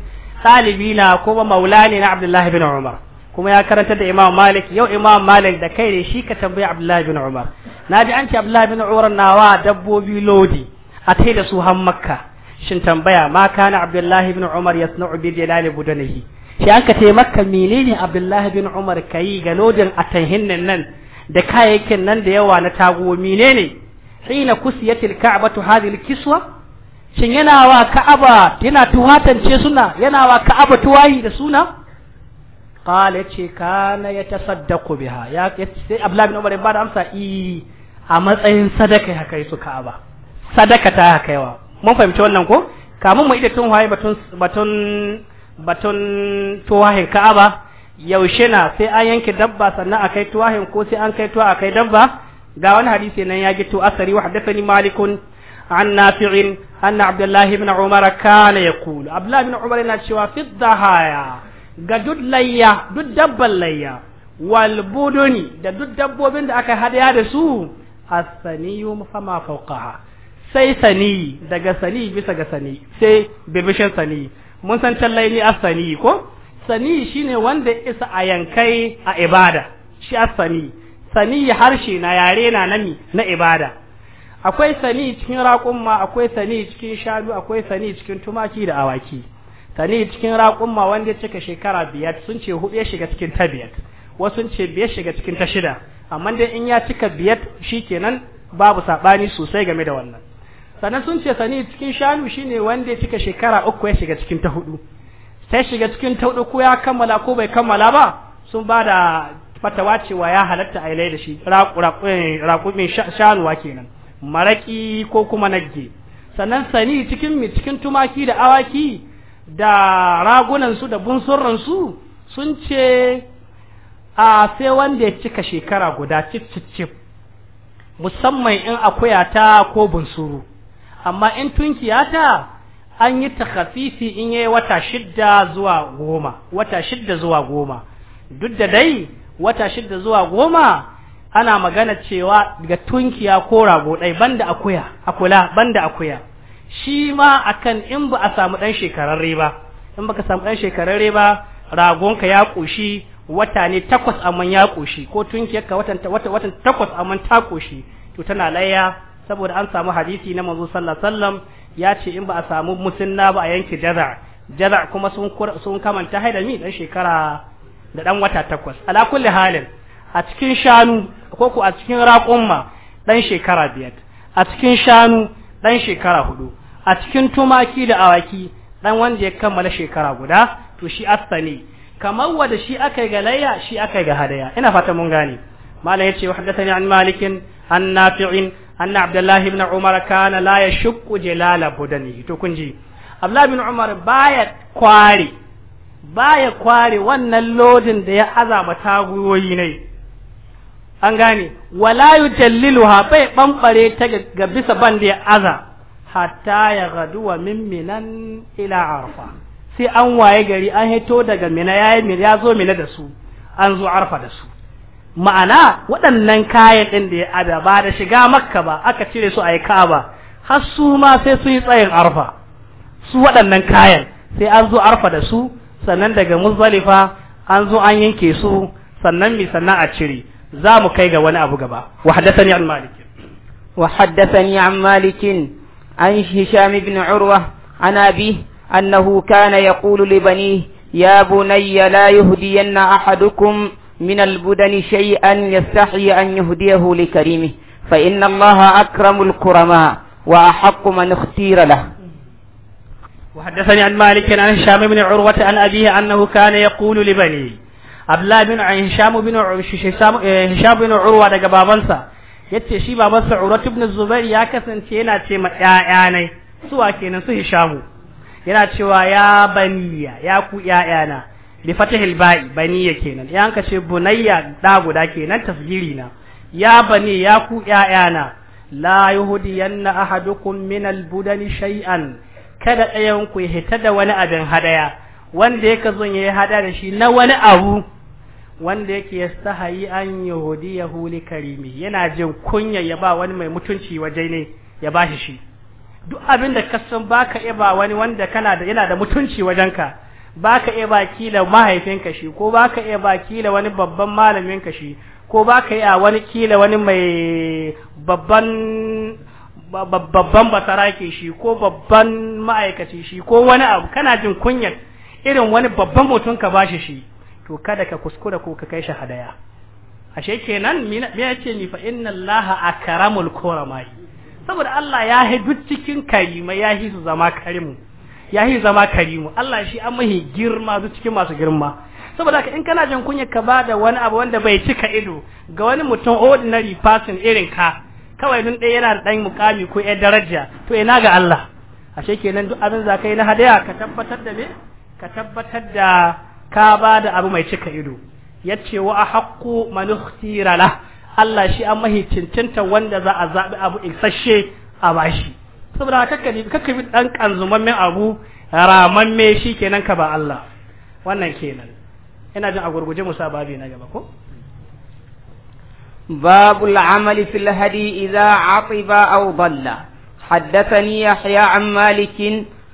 طالبين كما مولاني عبد الله بن عمر kuma ya karanta da Imam Malik yau Imam Malik da kai ne shi ka tambayi Abdullahi bin Umar na ji an ce Abdullahi bin Umar nawa dabbobi lodi a tai da su har Makka shin tambaya ma kana abdullahi ibn umar yasna'u bi bilal budanihi shi an ka taimaka maka menene abdullahi ibn umar kai ga lodin atanhin nan da kayayyakin nan da yawa na tago menene hina kusiyatil ka'batu hadhihi kiswa shin yana wa ka'aba yana tuhatance suna yana wa ka'aba tuwahi da suna qala yace kana yatasaddaqu biha ya sai abdullahi ibn umar ya bada amsa i a matsayin sadaka ya kai su ka'aba sadaka ta kaiwa mun fahimci wannan ko kamun mu ida tun waye batun batun batun tuwahin ka'aba yaushe na sai an yanke dabba sannan a kai tuwahin ko sai an kai tuwa a kai dabba ga wani hadisi nan ya gito asari wa hadathani malikun an nafi'in anna abdullahi ibn umar kana yaqulu abdullahi ibn umar yana cewa fi dhahaya ga dud layya dud dabban layya wal buduni da dud dabbobin da aka hadaya da su asaniyu fama fawqaha sai sani daga sani bisa ga sani sai bibishin sani mun san tallai ni asani ko sani shine wanda isa a yankai a ibada shi asani sani harshe na yare na nami na ibada akwai sani cikin raƙumma akwai sani cikin shanu akwai sani cikin tumaki da awaki sani cikin raƙumma wanda cika shekara biyar sun ce hudu ya shiga cikin ta biyar wasu sun ce biyar shiga cikin ta shida amma dai in ya cika biyar shikenan babu saɓani sosai game da wannan sannan sun ce sani cikin shanu shine wanda ya cika shekara uku ya shiga cikin ta hudu sai shiga cikin ta hudu ko ya kammala ko bai kammala ba sun ba da fatawa cewa ya halatta a ilai da shi eh, raƙumin shanuwa kenan maraƙi ko kuma nagge sannan sani cikin mi cikin tumaki da awaki da ragunansu da su sun ce a sai wanda ya cika shekara guda cip musamman in akuya ta ko bunsuru amma in tunkiya ta an yi takhafifi in yayi wata shidda zuwa goma wata shidda zuwa goma duk da dai wata shidda zuwa goma ana magana cewa ga tunkiya ko rago ɗai banda akuya akula banda akuya shi ma akan in ba a samu ɗan shekararre ba in baka samu ɗan shekararre ba ragonka ya ƙoshi wata ne takwas amman ya ƙoshi ko tunkiyarka watan watan takwas amman ta ƙoshi to tana layya saboda an samu hadisi na manzo sallallahu alaihi wasallam ya ce in ba a samu musinna ba a yanke jaza jaza kuma sun sun kamanta haida mi dan shekara da dan wata takwas ala kulli halin a cikin shanu ko ko a cikin raƙumma dan shekara biyar a cikin shanu dan shekara hudu a cikin tumaki da awaki dan wanda ya kammala shekara guda to shi astani kamar wanda shi aka ga layya shi aka ga hadaya ina fata mun gane malam yace wa hadathani an malikin an nafi'in anna abdullahi ibn umar kana la yashqu jalala budani to kun abdullahi ibn umar baya kware baya kware wannan lodin da ya azaba taguyoyi ne an gane wala yujalliluha bai bambare ta ga bisa ban ya aza hatta ya gaduwa min minan ila arfa sai an waye gari an hito daga mina yayi ya zo mina da su an zo arfa da su ma'ana waɗannan kayan ɗin da ya ada ba da shiga makka ba aka cire su a yi ka'aba har su ma sai sun yi tsayin arfa su waɗannan kayan sai an zo arfa da su sannan daga muzalifa an zo an yanke su sannan mi sannan a cire za mu kai ga wani abu gaba wa haddathani an malik wa haddathani an malik an hisham ibn urwa an abi annahu kana yaqulu li banihi ya bunayya la yuhdiyanna ahadukum من البدن شيئا يستحي أن يهديه لكريمه فإن الله أكرم الكرماء وأحق من اختير له وحدثني عن مالك عن هشام بن عروة عن أبيه أنه كان يقول لبني Abdullahi bin Hisham bin Hisham bin Urwa daga babansa yace shi babansa Urwa ibn Zubair ya kasance yana ce ma ƴaƴa ne suwa kenan su Hishamu yana cewa ya baniya ya ku ƴaƴana bi fatihil ba'i baniya kenan ya anka ce bunayya da guda kenan tafsiri na ya bani ya ku ƴaƴana la yanna ahadukum min albudani shay'an kada ɗayan ku hita da wani abin hadaya wanda yake zon yayi hada da shi na wani abu wanda yake yastahayi an ya li karimi yana jin kunya ya ba wani mai mutunci waje ne ya bashi shi duk abin da ka san baka iya ba wani wanda kana da yana da mutunci wajenka Ba ka iya baki da mahaifinka shi ko ba ka iya baki da wani babban malaminka shi ko ba ka iya wani kila wani mai babban babban basarake shi ko babban ma'aikaci shi ko wani abu kana jin kunyar irin wani babban mutum ka bashi shi to kada ka kuskura ko ka kai shi hadaya ashe kenan me yace ni fa inna allaha akramul kuramai saboda Allah ya hi duk cikin karimai ya hi su zama karimu ya yi zama karimu Allah shi an mahi girma su cikin masu girma saboda haka in kana jan kunya ka bada wani abu wanda bai cika ido ga wani mutum ordinary person irin ka kawai dun ɗaya yana da ɗan mukami ko ɗan daraja to ina ga Allah ashe kenan duk abin za yi na hadaya ka tabbatar da me ka tabbatar da ka bada abu mai cika ido yace wa a man ukhtira lah Allah shi an mahi cincinta wanda za a zabi abu isasshe a bashi saboda kakka bi kakka bi dan kanzumammen abu ramamme shikenan ka ba Allah wannan kenan ina jin a gurguje musa babi na gaba ko باب العمل في الهدي إذا عطب أو ضل حدثني يحيى عن مالك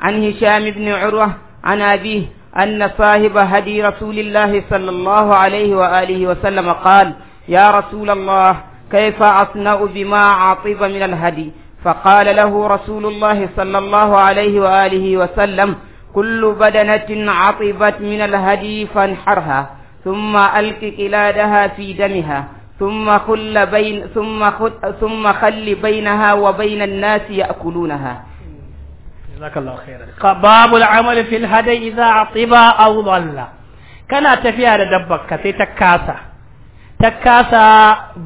عن هشام بن عروة عن أبيه أن صاحب هدي رسول الله صلى الله عليه وآله وسلم قال يا رسول الله كيف أصنع بما عطب من الهدي فقال له رسول الله صلى الله عليه وآله وسلم كل بدنة عطبت من الهدي فانحرها ثم ألق قلادها في دمها ثم خل بين ثم خل ثم خل بينها وبين الناس يأكلونها جزاك الله خيرا باب العمل في الهدي إذا عطب أو ضل kana tafiya da dabbar ka sai ta kasa ta kasa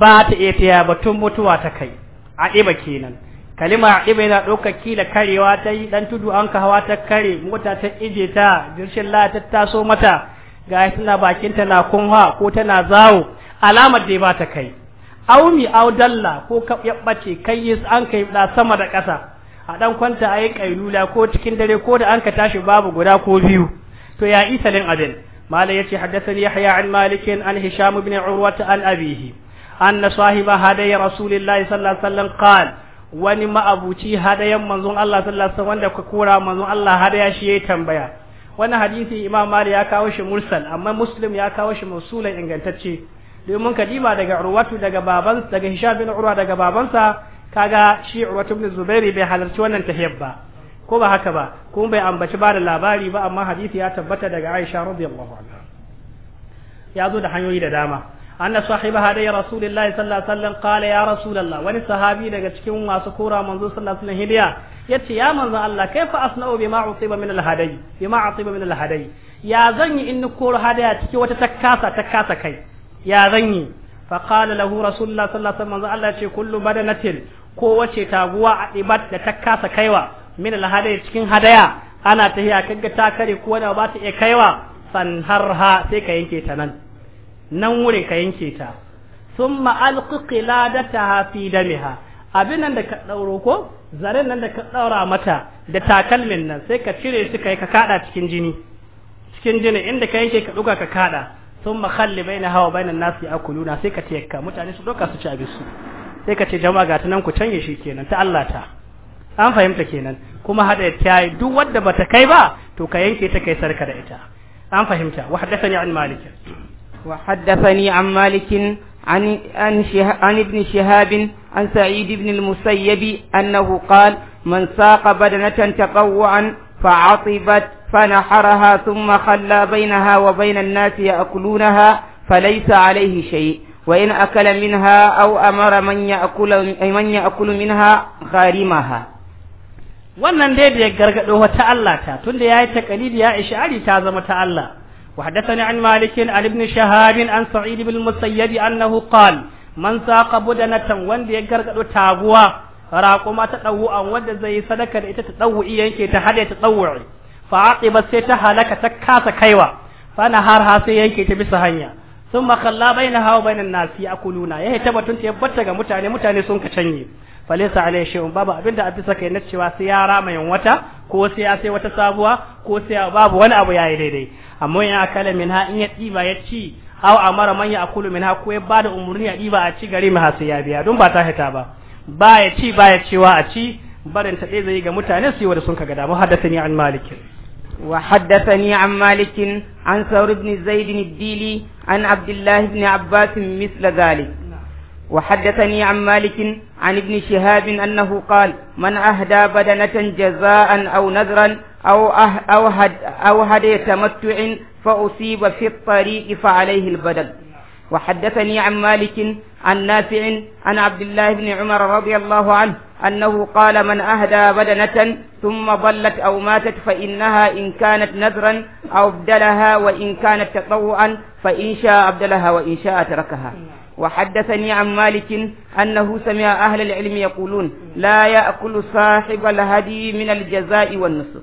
ba ta iya tafiya batun mutuwa ta kai a ɗiba kenan kalima ɗiba yana ɗaukar kila karewa ta yi ɗan tudu an ka hawa ta kare mota ta ije ta dirshin la ta taso mata ga tana bakin ta na kunwa ko tana zawo alamar da ba ta kai aumi au dalla ko ka yabbace kai yi an kai da sama da ƙasa a ɗan kwanta a yi ƙailula ko cikin dare ko da an ka tashi babu guda ko biyu to ya isalin abin malai yace ce haddasa yahya an malikin an hisham ibn urwata an abihi أن صاحب هدي رسول الله صلى الله عليه wani ma'abuci hadayan manzon Allah sallallahu alaihi wanda ka kora manzon Allah hadaya shi yayi tambaya wannan hadisi Imam Malik ya kawo shi mursal amma Muslim ya kawo shi mausulan ingantacce domin kadima daga Urwatu daga baban daga Hisham bin Urwa daga babansa kaga shi Urwatu bin Zubairi bai halarci wannan tahiyyar ba ko ba haka ba kuma bai ambaci ba da labari ba amma hadisi ya tabbata daga Aisha radiyallahu anha ya zo da hanyoyi da dama anna sahiba hadai rasulullahi sallallahu alaihi wasallam qala ya rasulullah wani sahabi daga cikin masu kora manzo sallallahu alaihi wasallam hidiya yace ya manzo Allah kaifa asna'u bima usiba min alhadai bima usiba min alhadai ya zanyi in kora hadaya cikin wata takkasa takkasa kai ya zanyi fa qala lahu rasulullah sallallahu alaihi wasallam manzo Allah yace kullu badanatin ko wace taguwa a dibat da takkasa kaiwa min alhadai cikin hadaya ana tahiya kaga ta kare ko da ba ta iya kaiwa san fanharha sai ka yanke ta nan nan wurin ka yanke ta sun ma'alƙi ƙiladata fi damiha abin nan da ka ɗauro ko zaren nan da ka ɗaura mata da takalmin nan sai ka cire su kai ka kaɗa cikin jini cikin jini inda ka yanke ka ɗuga ka kaɗa sun makalli bai na hawa bai na nasu ya kuluna sai ka ce ka mutane su ɗauka su ci abin su sai ka ce jama'a ga nan ku canye shi kenan ta Allah ta an fahimta kenan kuma hada ta yi duk wadda bata kai ba to ka yanke ta kai sarka da ita an fahimta wa haddathani an malik وحدثني عن مالك عن عن, عن ابن شهاب عن سعيد بن المسيب أنه قال من ساق بدنة تطوعا فعطبت فنحرها ثم خلى بينها وبين الناس يأكلونها فليس عليه شيء وإن أكل منها أو أمر من يأكل من يأكل منها غارمها wannan dai da gargado wata Allah ta tunda yayi takalidi ya ishari ta zama ta Allah وحدثني عن مالك عن ابن شهاب عن سعيد بن المسيب أنه قال من ساق بدنة وند يقرق تابوا راقما تطوعا وند زي صدقة تطوعي ينكي تحدي تطوعي فعاقبت سيتها لك تكاس كيوا فأنا هارها سينكي تبس هنيا sun makalla bai na hawa bai na nasi a kuluna ya haita batun ta ga mutane mutane sun ka canye falisa alai un babu abin da abisa kai na cewa sai ya rama yin wata ko sai ya sai wata sabuwa ko sai babu wani abu ya yi daidai amma ya kala min ha in ya tsiba ya ci a mara manya a Kulu min ha ko ya ba da umarni a ɗiba a ci gari ma ha sai ya biya don ba ta hita ba ba ya ci ba ya cewa a ci barin ta zai ga mutane su yi da sun ka ga damu ni an malikin وحدثني عن مالك عن ثور بن زيد الديلي عن عبد الله بن عباس مثل ذلك وحدثني عن مالك عن ابن شهاب أنه قال من أهدى بدنة جزاء أو نذرا أو أه-، أو هد أو هدي تمتع فأصيب في الطريق فعليه البدن وحدثني عن مالك عن نافع عن عبد الله بن عمر رضي الله عنه أنه قال من أهدى بدنة ثم ضلت أو ماتت فإنها إن كانت نذرا أو ابدلها وإن كانت تطوعا فإن شاء أبدلها وإن شاء تركها وحدثني عن مالك أنه سمع أهل العلم يقولون لا يأكل صاحب الهدي من الجزاء والنصف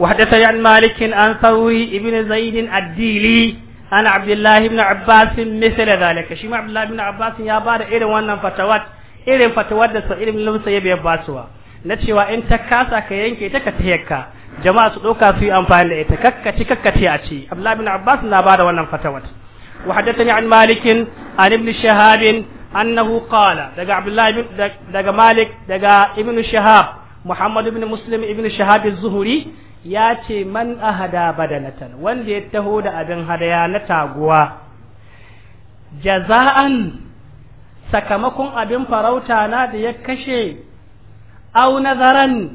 وحدثني عن مالك عن ثوري بن زيد الديلي عن عبد الله بن عباس مثل ذلك شيما عبد الله بن عباس يا بار إيران فتوات irin fatawar da sa'id ibn musayyib ya basuwa na cewa in ta kasa ka yanke ta ka tahiyarka jama'a su ɗauka su yi amfani da ita kakkaci kakkaci a ce abdullahi bin abbas na bada wannan fatawar wa haddathani an malikin an ibn shahab annahu qala daga abdullahi daga malik daga ibn shahab muhammad ibn muslim ibn shahab az ya ce man ahada badanatan wanda ya taho da abin hadaya na taguwa jaza'an sakamakon abin farauta na da ya kashe au nazaran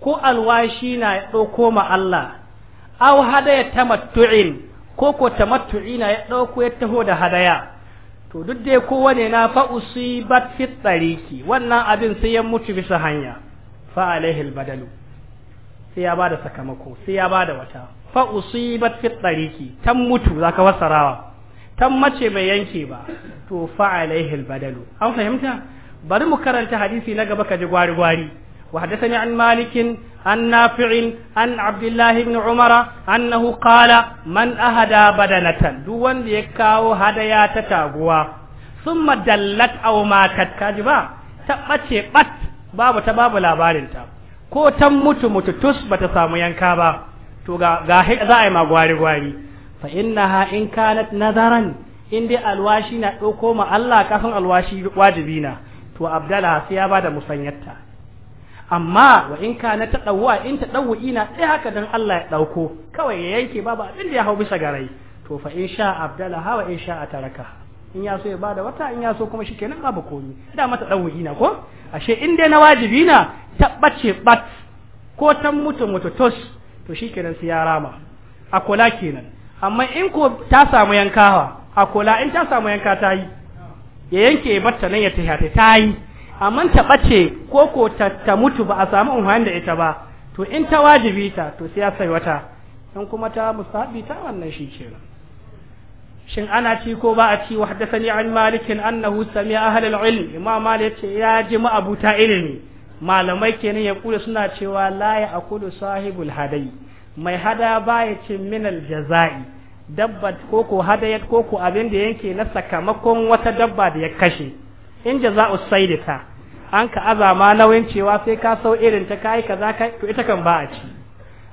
ko alwashi na ya ɗauko ma Allah au hadaya matu'in ko ko tamattu'i na ya ɗauko ya taho da hadaya to duk dai kowane na fa usibat fi tsariki wannan abin sai ya mutu bisa hanya fa alaihi albadalu sai ya bada sakamako sai ya bada wata fa usibat fi tsariki tan mutu zaka wasarawa tan mace bai yanke ba to fa alaihi albadalu an fahimta bari mu karanta hadisi na gaba kaji gwari gwari wa hadathani an malikin an nafi'in an abdullahi ibn umara annahu qala man ahada badalatan duk wanda ya kawo hadaya ta taguwa summa dallat aw kaji ba tabbace bat babu ta babu labarin ta ko tan mutu mutu tus bata samu yanka ba to ga ga za a yi ma gwari gwari fa innaha in kanat nazaran in dai alwashi na ɗauko ma Allah kafin alwashi wajibi na to abdala sai ya bada musanyarta amma wa in kana ta dawwa in ta dawwa ina sai haka dan Allah ya dauko kawai ya yanke babu abin da ya hau bisa garai to fa in sha abdala hawa in sha ataraka in ya so ya bada wata in ya so kuma shikenan babu komi da mata dawwa ina ko ashe in dai na wajibi na tabbace bat ko tan mutu mutu tos to shikenan sai ya rama akola kenan amma in ko ta samu yankawa a kola in ta samu yanka ta yi ya yanke mata nan ya tafi ta yi amma ta bace ko ko ta, mutu ba a samu unhan da ita ba to in ta wajibi ta to sai ya sai wata in kuma ta musabi ta wannan shi kenan shin ana ci ko ba a ci wa haddathani an malikin annahu sami ahli al-ilm imam malik ce ya ji ma abuta ilimi malamai kenan ya kula suna cewa la ya akulu sahibul hadai mai hada baya cin minal jaza'i dabba ko ko hadayat ko ko abin da yanke na sakamakon wata dabba da ya kashe in jaza'u saidita an ka azama nauyin cewa sai ka sau irin ta kai kaza kai to ita kan ba a ci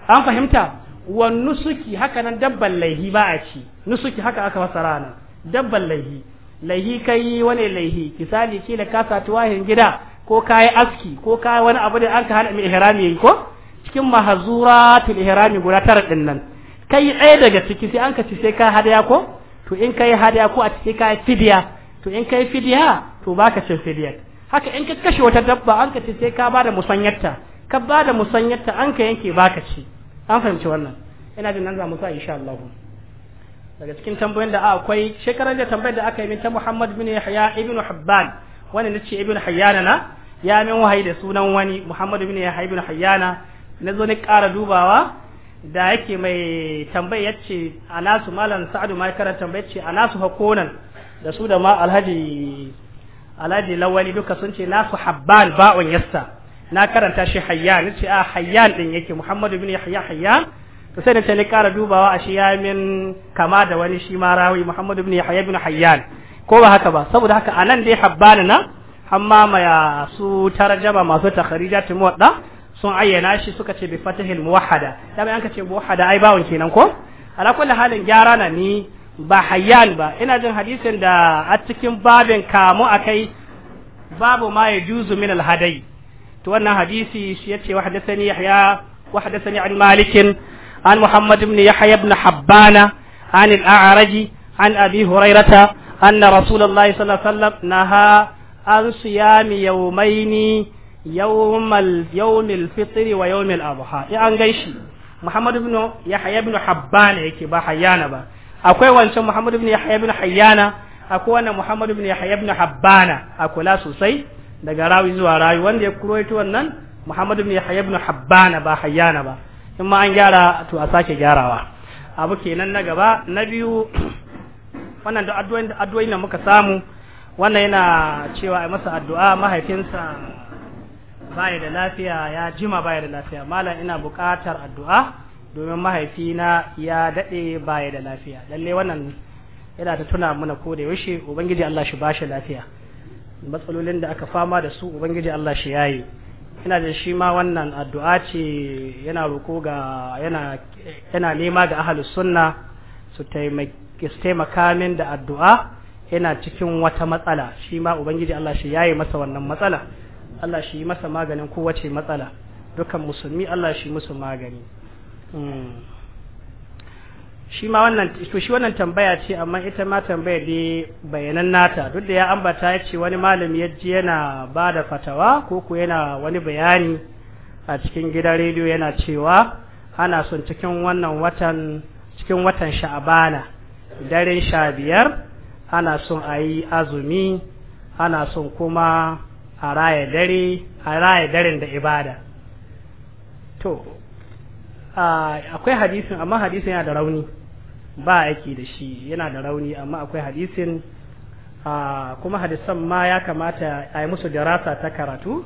an fahimta wa nusuki haka nan dabban laihi ba a ci nusuki haka aka fasara nan dabban laihi laihi kai wani laihi kisali kila ka sa tuwahin gida ko kayi aski ko kai wani abu da an ka hana mai ihrami ko cikin mahazuratul ihrami guda tara ɗin nan kai ɗaya daga ciki sai an ka ci sai ka hadaya ko to in kai hadaya ko a ciki sai fidiya to in kai fidiya to ka cin fidiyar haka in ka kashe wata dabba an ka ci sai ka bada musanyarta ka bada musanyarta an ka yanke baka ci an fahimci wannan ina jin nan za mu sa insha Allah daga cikin tambayoyin da akwai shekarar da tambayar da aka yi min ta Muhammad bin Yahya ibn Habban wani nace ibn Hayyana na ya min wahayi da sunan wani Muhammad bin Yahya ibn Hayyana na zo ni ƙara dubawa da yake mai tambayi ya ce anasu malam sa'adu ma karar tambayi ce anasu hakonan da su da ma alhaji alhaji lawali duka sun ce nasu habban ba'un yasta na karanta shi ni ce a ah, hayya din yake muhammadu bin yahya hayya to sai da ce ni ƙara dubawa a shi yamin kama da wani shi ma rawi muhammadu bin yahya bin hayya ko ba haka ba saboda haka anan dai habban na amma mamaya su tarjaba masu takharija ta muwadda sun ayyana shi suka ce bi fatahil muwahhada da bayan kace muwahhada ai bawon kenan ko ala kulli halin gyara na ni ba hayyan ba ina jin hadisin da a cikin babin kamu akai babu ma juzu min al to wannan hadisi shi yace wa hadathani yahya wa hadathani an malik an muhammad ibn yahya ibn habbana an al a'raji an abi hurairata anna rasulullahi sallallahu alaihi wasallam naha an siyami yawmaini yawmal yawmil fitri wa yawmil adha in an gaishi Muhammad ibn Yahya ibn Habban yake ba Hayyana ba akwai wancan Muhammad ibn Yahya ibn Hayyana akwai wannan Muhammad ibn Yahya ibn Habbana a kula sosai daga rawi zuwa rawi wanda ya ita wannan Muhammad ibn Yahya ibn Habbana ba Hayyana ba in ma an gyara to a sake gyarawa abu kenan na gaba na biyu wannan da addu'o'in da muka samu wannan yana cewa a masa addu'a mahaifinsa baya da lafiya ya jima baya da lafiya malam ina buƙatar addu'a domin mahaifina ya daɗe baya da lafiya lalle wannan yana ta tuna mana ko da yaushe ubangiji Allah shi bashi lafiya matsalolin da aka fama da su ubangiji Allah shi yayi ina da shi ma wannan addu'a ce yana roko ga yana yana nema ga ahlus sunna su taimaka min da addu'a yana cikin wata matsala shi ma ubangiji Allah shi yayi masa wannan matsala Allah shi masa maganin kowace matsala dukan musulmi Allah shi musu magani hmm. shi ma wannan to shi wannan tambaya ce amma ita ma tambaya ne bayanan nata duk da ya ambata ya ce wani malami ya ji yana ba da fatawa ko ko yana wani bayani a cikin gidan rediyo yana cewa ana son cikin wannan watan cikin watan sha'abana daren sha biyar ana son a yi azumi ana son kuma a raya dare a raya daren da ibada to akwai hadisin amma hadisin yana da rauni ba aiki da shi yana da rauni amma akwai hadisin kuma hadisan ma ya kamata a yi musu darasa ta karatu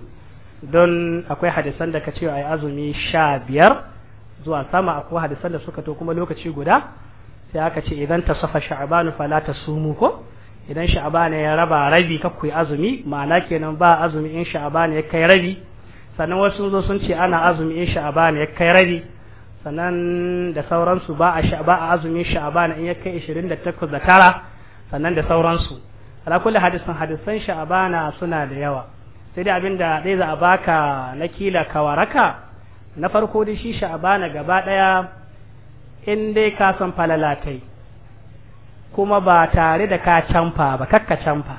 don akwai hadisan da ka ce a yi azumi sha biyar zuwa sama akwai hadisan da suka to kuma lokaci guda sai aka ce idan ta safa sha'abanu fala ta sumu ko idan sha'abana ya raba rabi ka kuyi azumi ma'ana kenan ba azumi in sha'abana ya kai rabi sannan wasu sun zo sun ce ana azumi in sha'abana ya kai rabi sannan da sauransu ba a ba a azumin sha'abana in ya kai 28 da tara sannan da sauransu ala kulli hadisin hadisan sha'abana suna da yawa sai dai abinda dai za a baka na kila kawaraka na farko dai shi sha'abana gaba daya in dai ka san falalatai kuma ba tare da ka canfa ba kakka canfa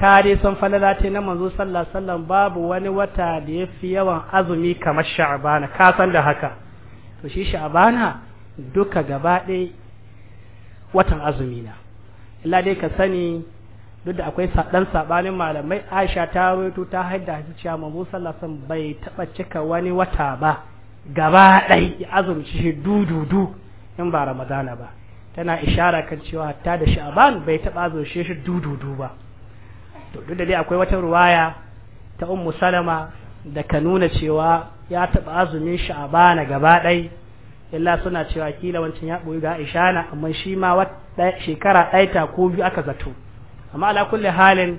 ka dai san falala ce na manzo sallallahu alaihi wasallam babu wani wata da yafi yawan azumi kamar sha'bana ka san da haka to shi sha'bana duka gaba ɗaya watan azumi na illa dai ka sani duk da akwai dan sabanin malamai Aisha ta wato ta haida hadisi cewa manzo sallallahu alaihi wasallam bai taba cika wani wata ba gaba ɗaya azumci shi dududu in ba Ramadana ba tana ishara kan cewa hatta da sha'ban bai taba zoshe shi dududu ba to duk da dai akwai wata ruwaya ta ummu salama da ka nuna cewa ya taba azumin sha'ban gaba dai illa suna cewa kila wancan ya boyi ga aisha na amma shi ma shekara ɗaya ta ko biyu aka zato amma ala kulli halin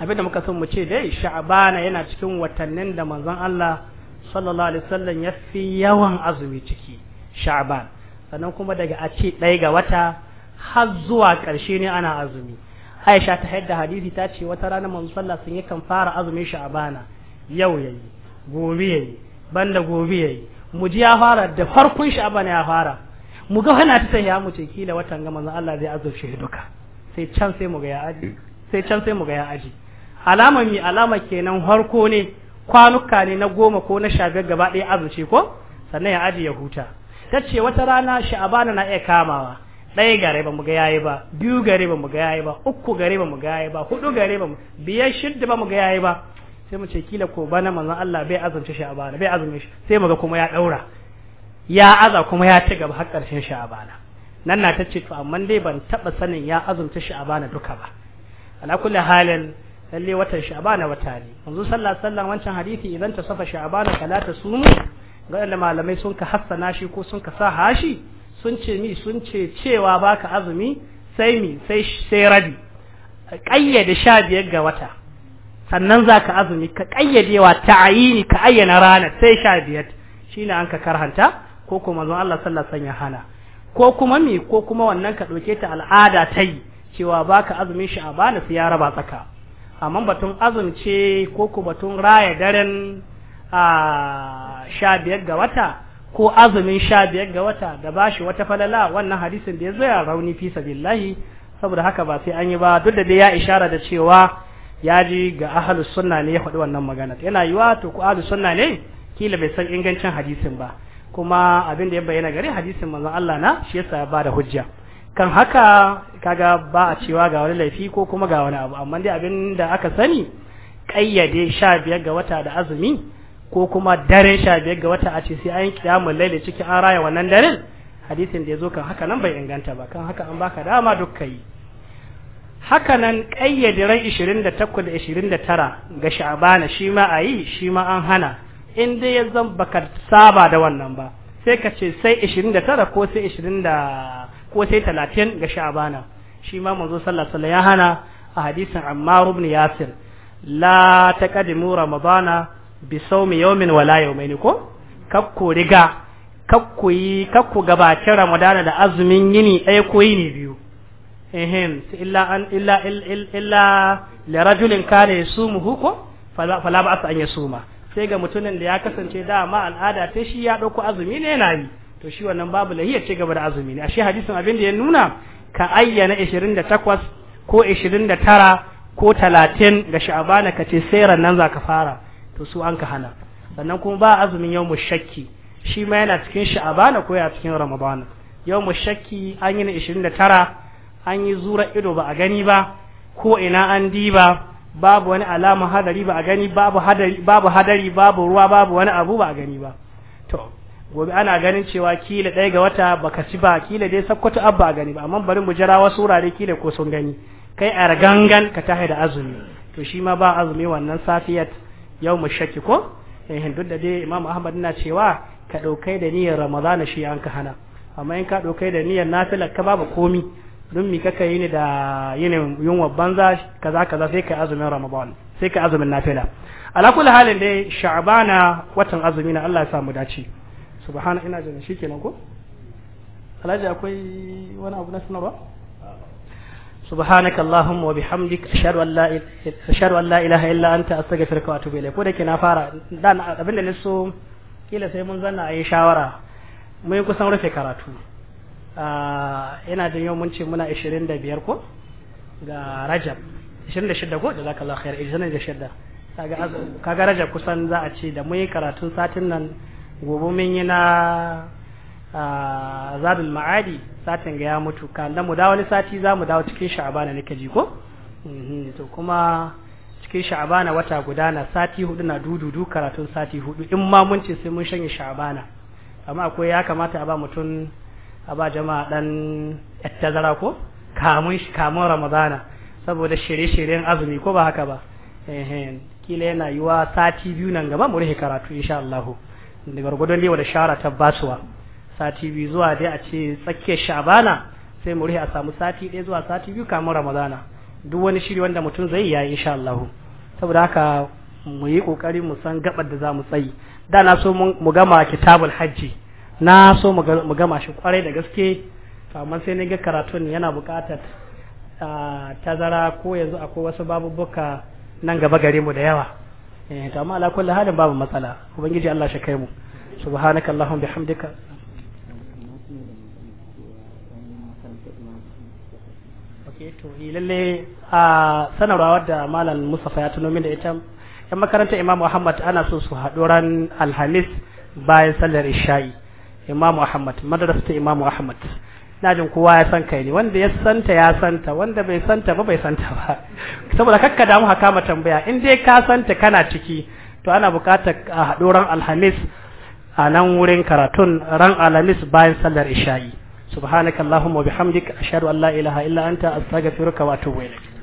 abinda muka san mu ce dai sha'ban yana cikin watannin da manzon Allah sallallahu alaihi wasallam ya fi yawan azumi ciki sha'ban sannan kuma daga a ce ɗaya ga wata har zuwa ƙarshe ne ana azumi aisha ta haidda hadisi ta ce wata rana manzo sallah sun kan fara azumin shi a bana yau yayi gobe yayi banda gobe yayi mu ji ya fara da farkon shi a bana ya fara mu ga hana ta ya mu ce kila watan ga manzo Allah zai azurce shi duka sai can sai mu ga ya aji sai can sai mu ga ya aji alama mi alama kenan harko ne kwanuka ne na goma ko na shabiyar gaba ɗaya azurce ko sannan ya aji ya huta ta ce wata rana sha'abana na iya kamawa ɗaya gare ba mu ga yayi ba biyu gare ba mu ga yayi ba uku gare ba mu ga yayi ba hudu gare ba biyar shidda ba mu ga yayi ba sai mu ce kila ko bana manzon Allah bai sha'aba sha'abana bai azumce shi sai mu ga kuma ya daura ya aza kuma ya ci gaba har karshen sha'abana nan na ta ce to amma dai ban taba sanin ya sha'aba sha'abana duka ba ala kulli halin lalle watan sha'abana wata ne manzon sallallahu alaihi wasallam wancan hadisi idan ta safa sha'abana kala ta sumu ga malamai sun ka hassana shi ko sun ka sa hashi sun ce mi sun ce cewa baka azumi sai mi sai sai rabi kayyade sha biyar ga wata sannan za ka azumi ka ƙayyadewa ta'ayini ka ayyana ranar sai sha biyar shi ne an ka karhanta ko kuma zuwa Allah sallasan ya hana ko kuma mi ko kuma wannan ka ɗauke ta al'ada ta yi cewa ba ka azumin shi a bani su ya raba tsaka amma batun azumce ko ku batun raya daren a sha biyar ga wata ko azumin sha biyar ga wata da ba shi wata falala wannan hadisin da ya zo ya rauni fi sabillahi saboda haka ba sai an yi ba duk da dai ya ishara da cewa ya ji ga ahlus sunna ne ya faɗi wannan magana yana yiwa to ku ahlus sunna ne kila bai san ingancin hadisin ba kuma abin da ya bayyana gare hadisin manzon Allah na shi yasa ya bada hujja kan haka kaga ba a cewa ga wani laifi ko kuma ga wani abu amma dai abin da aka sani kayyade sha biyar ga wata da azumi ko kuma dare sha biyar ga wata a ce sai an kiyamun laila ciki an raya wannan daren hadisin da ya zo kan haka nan bai inganta ba kan haka an baka dama duk ka yi haka nan ƙayyade ran 28 da 29 ga sha'abana shi ma a yi shi ma an hana in dai ya zan baka saba da wannan ba sai ka ce sai 29 ko sai 20 ko sai 30 ga sha'abana shi ma manzo sallallahu alaihi ya hana a hadisin Ammar ibn Yasir la taqadimu ramadana bi saumi yawmin wala yawmaini ko kakko riga kakko yi kakko gabacin ramadana da azumin yini ɗaya ko yini biyu ehem illa an illa illa la rajulin kana yasumuhu ko fala ba an yasuma sai ga mutumin da ya kasance da dama al'ada ta shi ya ɗauko azumi ne yana yi to shi wannan babu lahiyar ce gaba da azumi ne ashe hadisin abin da ya nuna ka ayyana 28 ko 29 ko 30 ga sha'abana ka ce sai nan za ka fara to su an ka hana sannan kuma ba azumin yau shakki shi ma yana cikin sha'abana ko yana cikin ramadana yau shakki an yi na ishirin da tara an yi zura ido ba a gani ba ko ina an diba babu wani alama hadari ba a gani babu hadari babu hadari babu ruwa babu wani abu ba a gani ba to gobe ana ganin cewa kila ɗaya ga wata baka ci ba kila dai sakkwato abba a gani ba amma bari mu jira wasu wurare kila ko sun gani kai a gangan ka tahi da azumi to shi ma ba azumi wannan safiyat Yau mu shakki ko eh duk da dai Imam Ahmad na cewa ka ɗaukai da niyyar Ramadana shi an ka hana amma in ka ɗaukai da niyyar nafila ka babu komi don mi kaka yi ni da yin yunwa banza kaza kaza sai kai azumin ramadana sai kai azumin nafila ala kulli halin dai sha'bana watan azumi na Allah ya samu dace subhana ina jin kenan ko alhaji akwai wani abu na sanarwa subhanaka allahumma wa bihamdik ashhadu an la ashhadu an la ilaha illa anta astaghfiruka wa atubu ko da ke na fara dan abin da nisso kila sai mun zanna a yi shawara yi kusan rufe karatu ah, ina da yau mun ce muna 25 ko ga rajab 26 ko jazakallahu khair 26 kaga kaga rajab kusan za a ce da mu yi karatun satin nan gobe mun yi na ah, zadul ma'adi satin ga ya mutu kallon mu dawo wani sati za mu dawo cikin sha'abana nake ji ko mhm, to kuma cikin sha'abana wata guda na sati hudu na dududu karatun sati hudu in ma mun ce sai mun shanye sha'abana amma akwai ya kamata a ba mutum a ba jama'a dan tazara ko kamun kamun ramadana saboda shirye-shiryen azumi ko ba haka ba kila yana yiwa sati biyu nan gaba mu rufe karatu insha Allah da gargwadon da shara ta basuwa sati biyu zuwa dai a ce tsakiyar shabana sai mu rihe a samu sati ɗaya zuwa sati biyu kamun ramadana duk wani shiri wanda mutum zai yi insha Allah saboda haka mu yi kokari mu san gabar da za mu tsayi da na so mu gama kitabul hajji na so mu gama shi kwarai da gaske amma sai na ga karatun yana buƙatar tazara ko yanzu akwai wasu babu babubuka nan gaba gare mu da yawa eh to amma ala kulli halin babu matsala ubangiji Allah shi kai mu subhanakallahumma bihamdika ke to eh, lalle a sanarwa da malam Mustafa ya tuno min da ita yan makaranta Imam Muhammad ana so su haɗu ran Alhamis bayan sallar Isha'i Imam Muhammad madrasar Imam Muhammad na jin kowa ya san kai ne wanda ya santa ya santa wanda bai santa ba bai santa ba saboda kakka damu haka ma tambaya in dai ka santa kana ciki to ana buƙatar a haɗu ran Alhamis a nan wurin karatun ran Alhamis bayan sallar Isha'i subhanakallahumma wa bihamdik ashhadu an la ilaha illa anta astaghfiruka wa atubu ilaik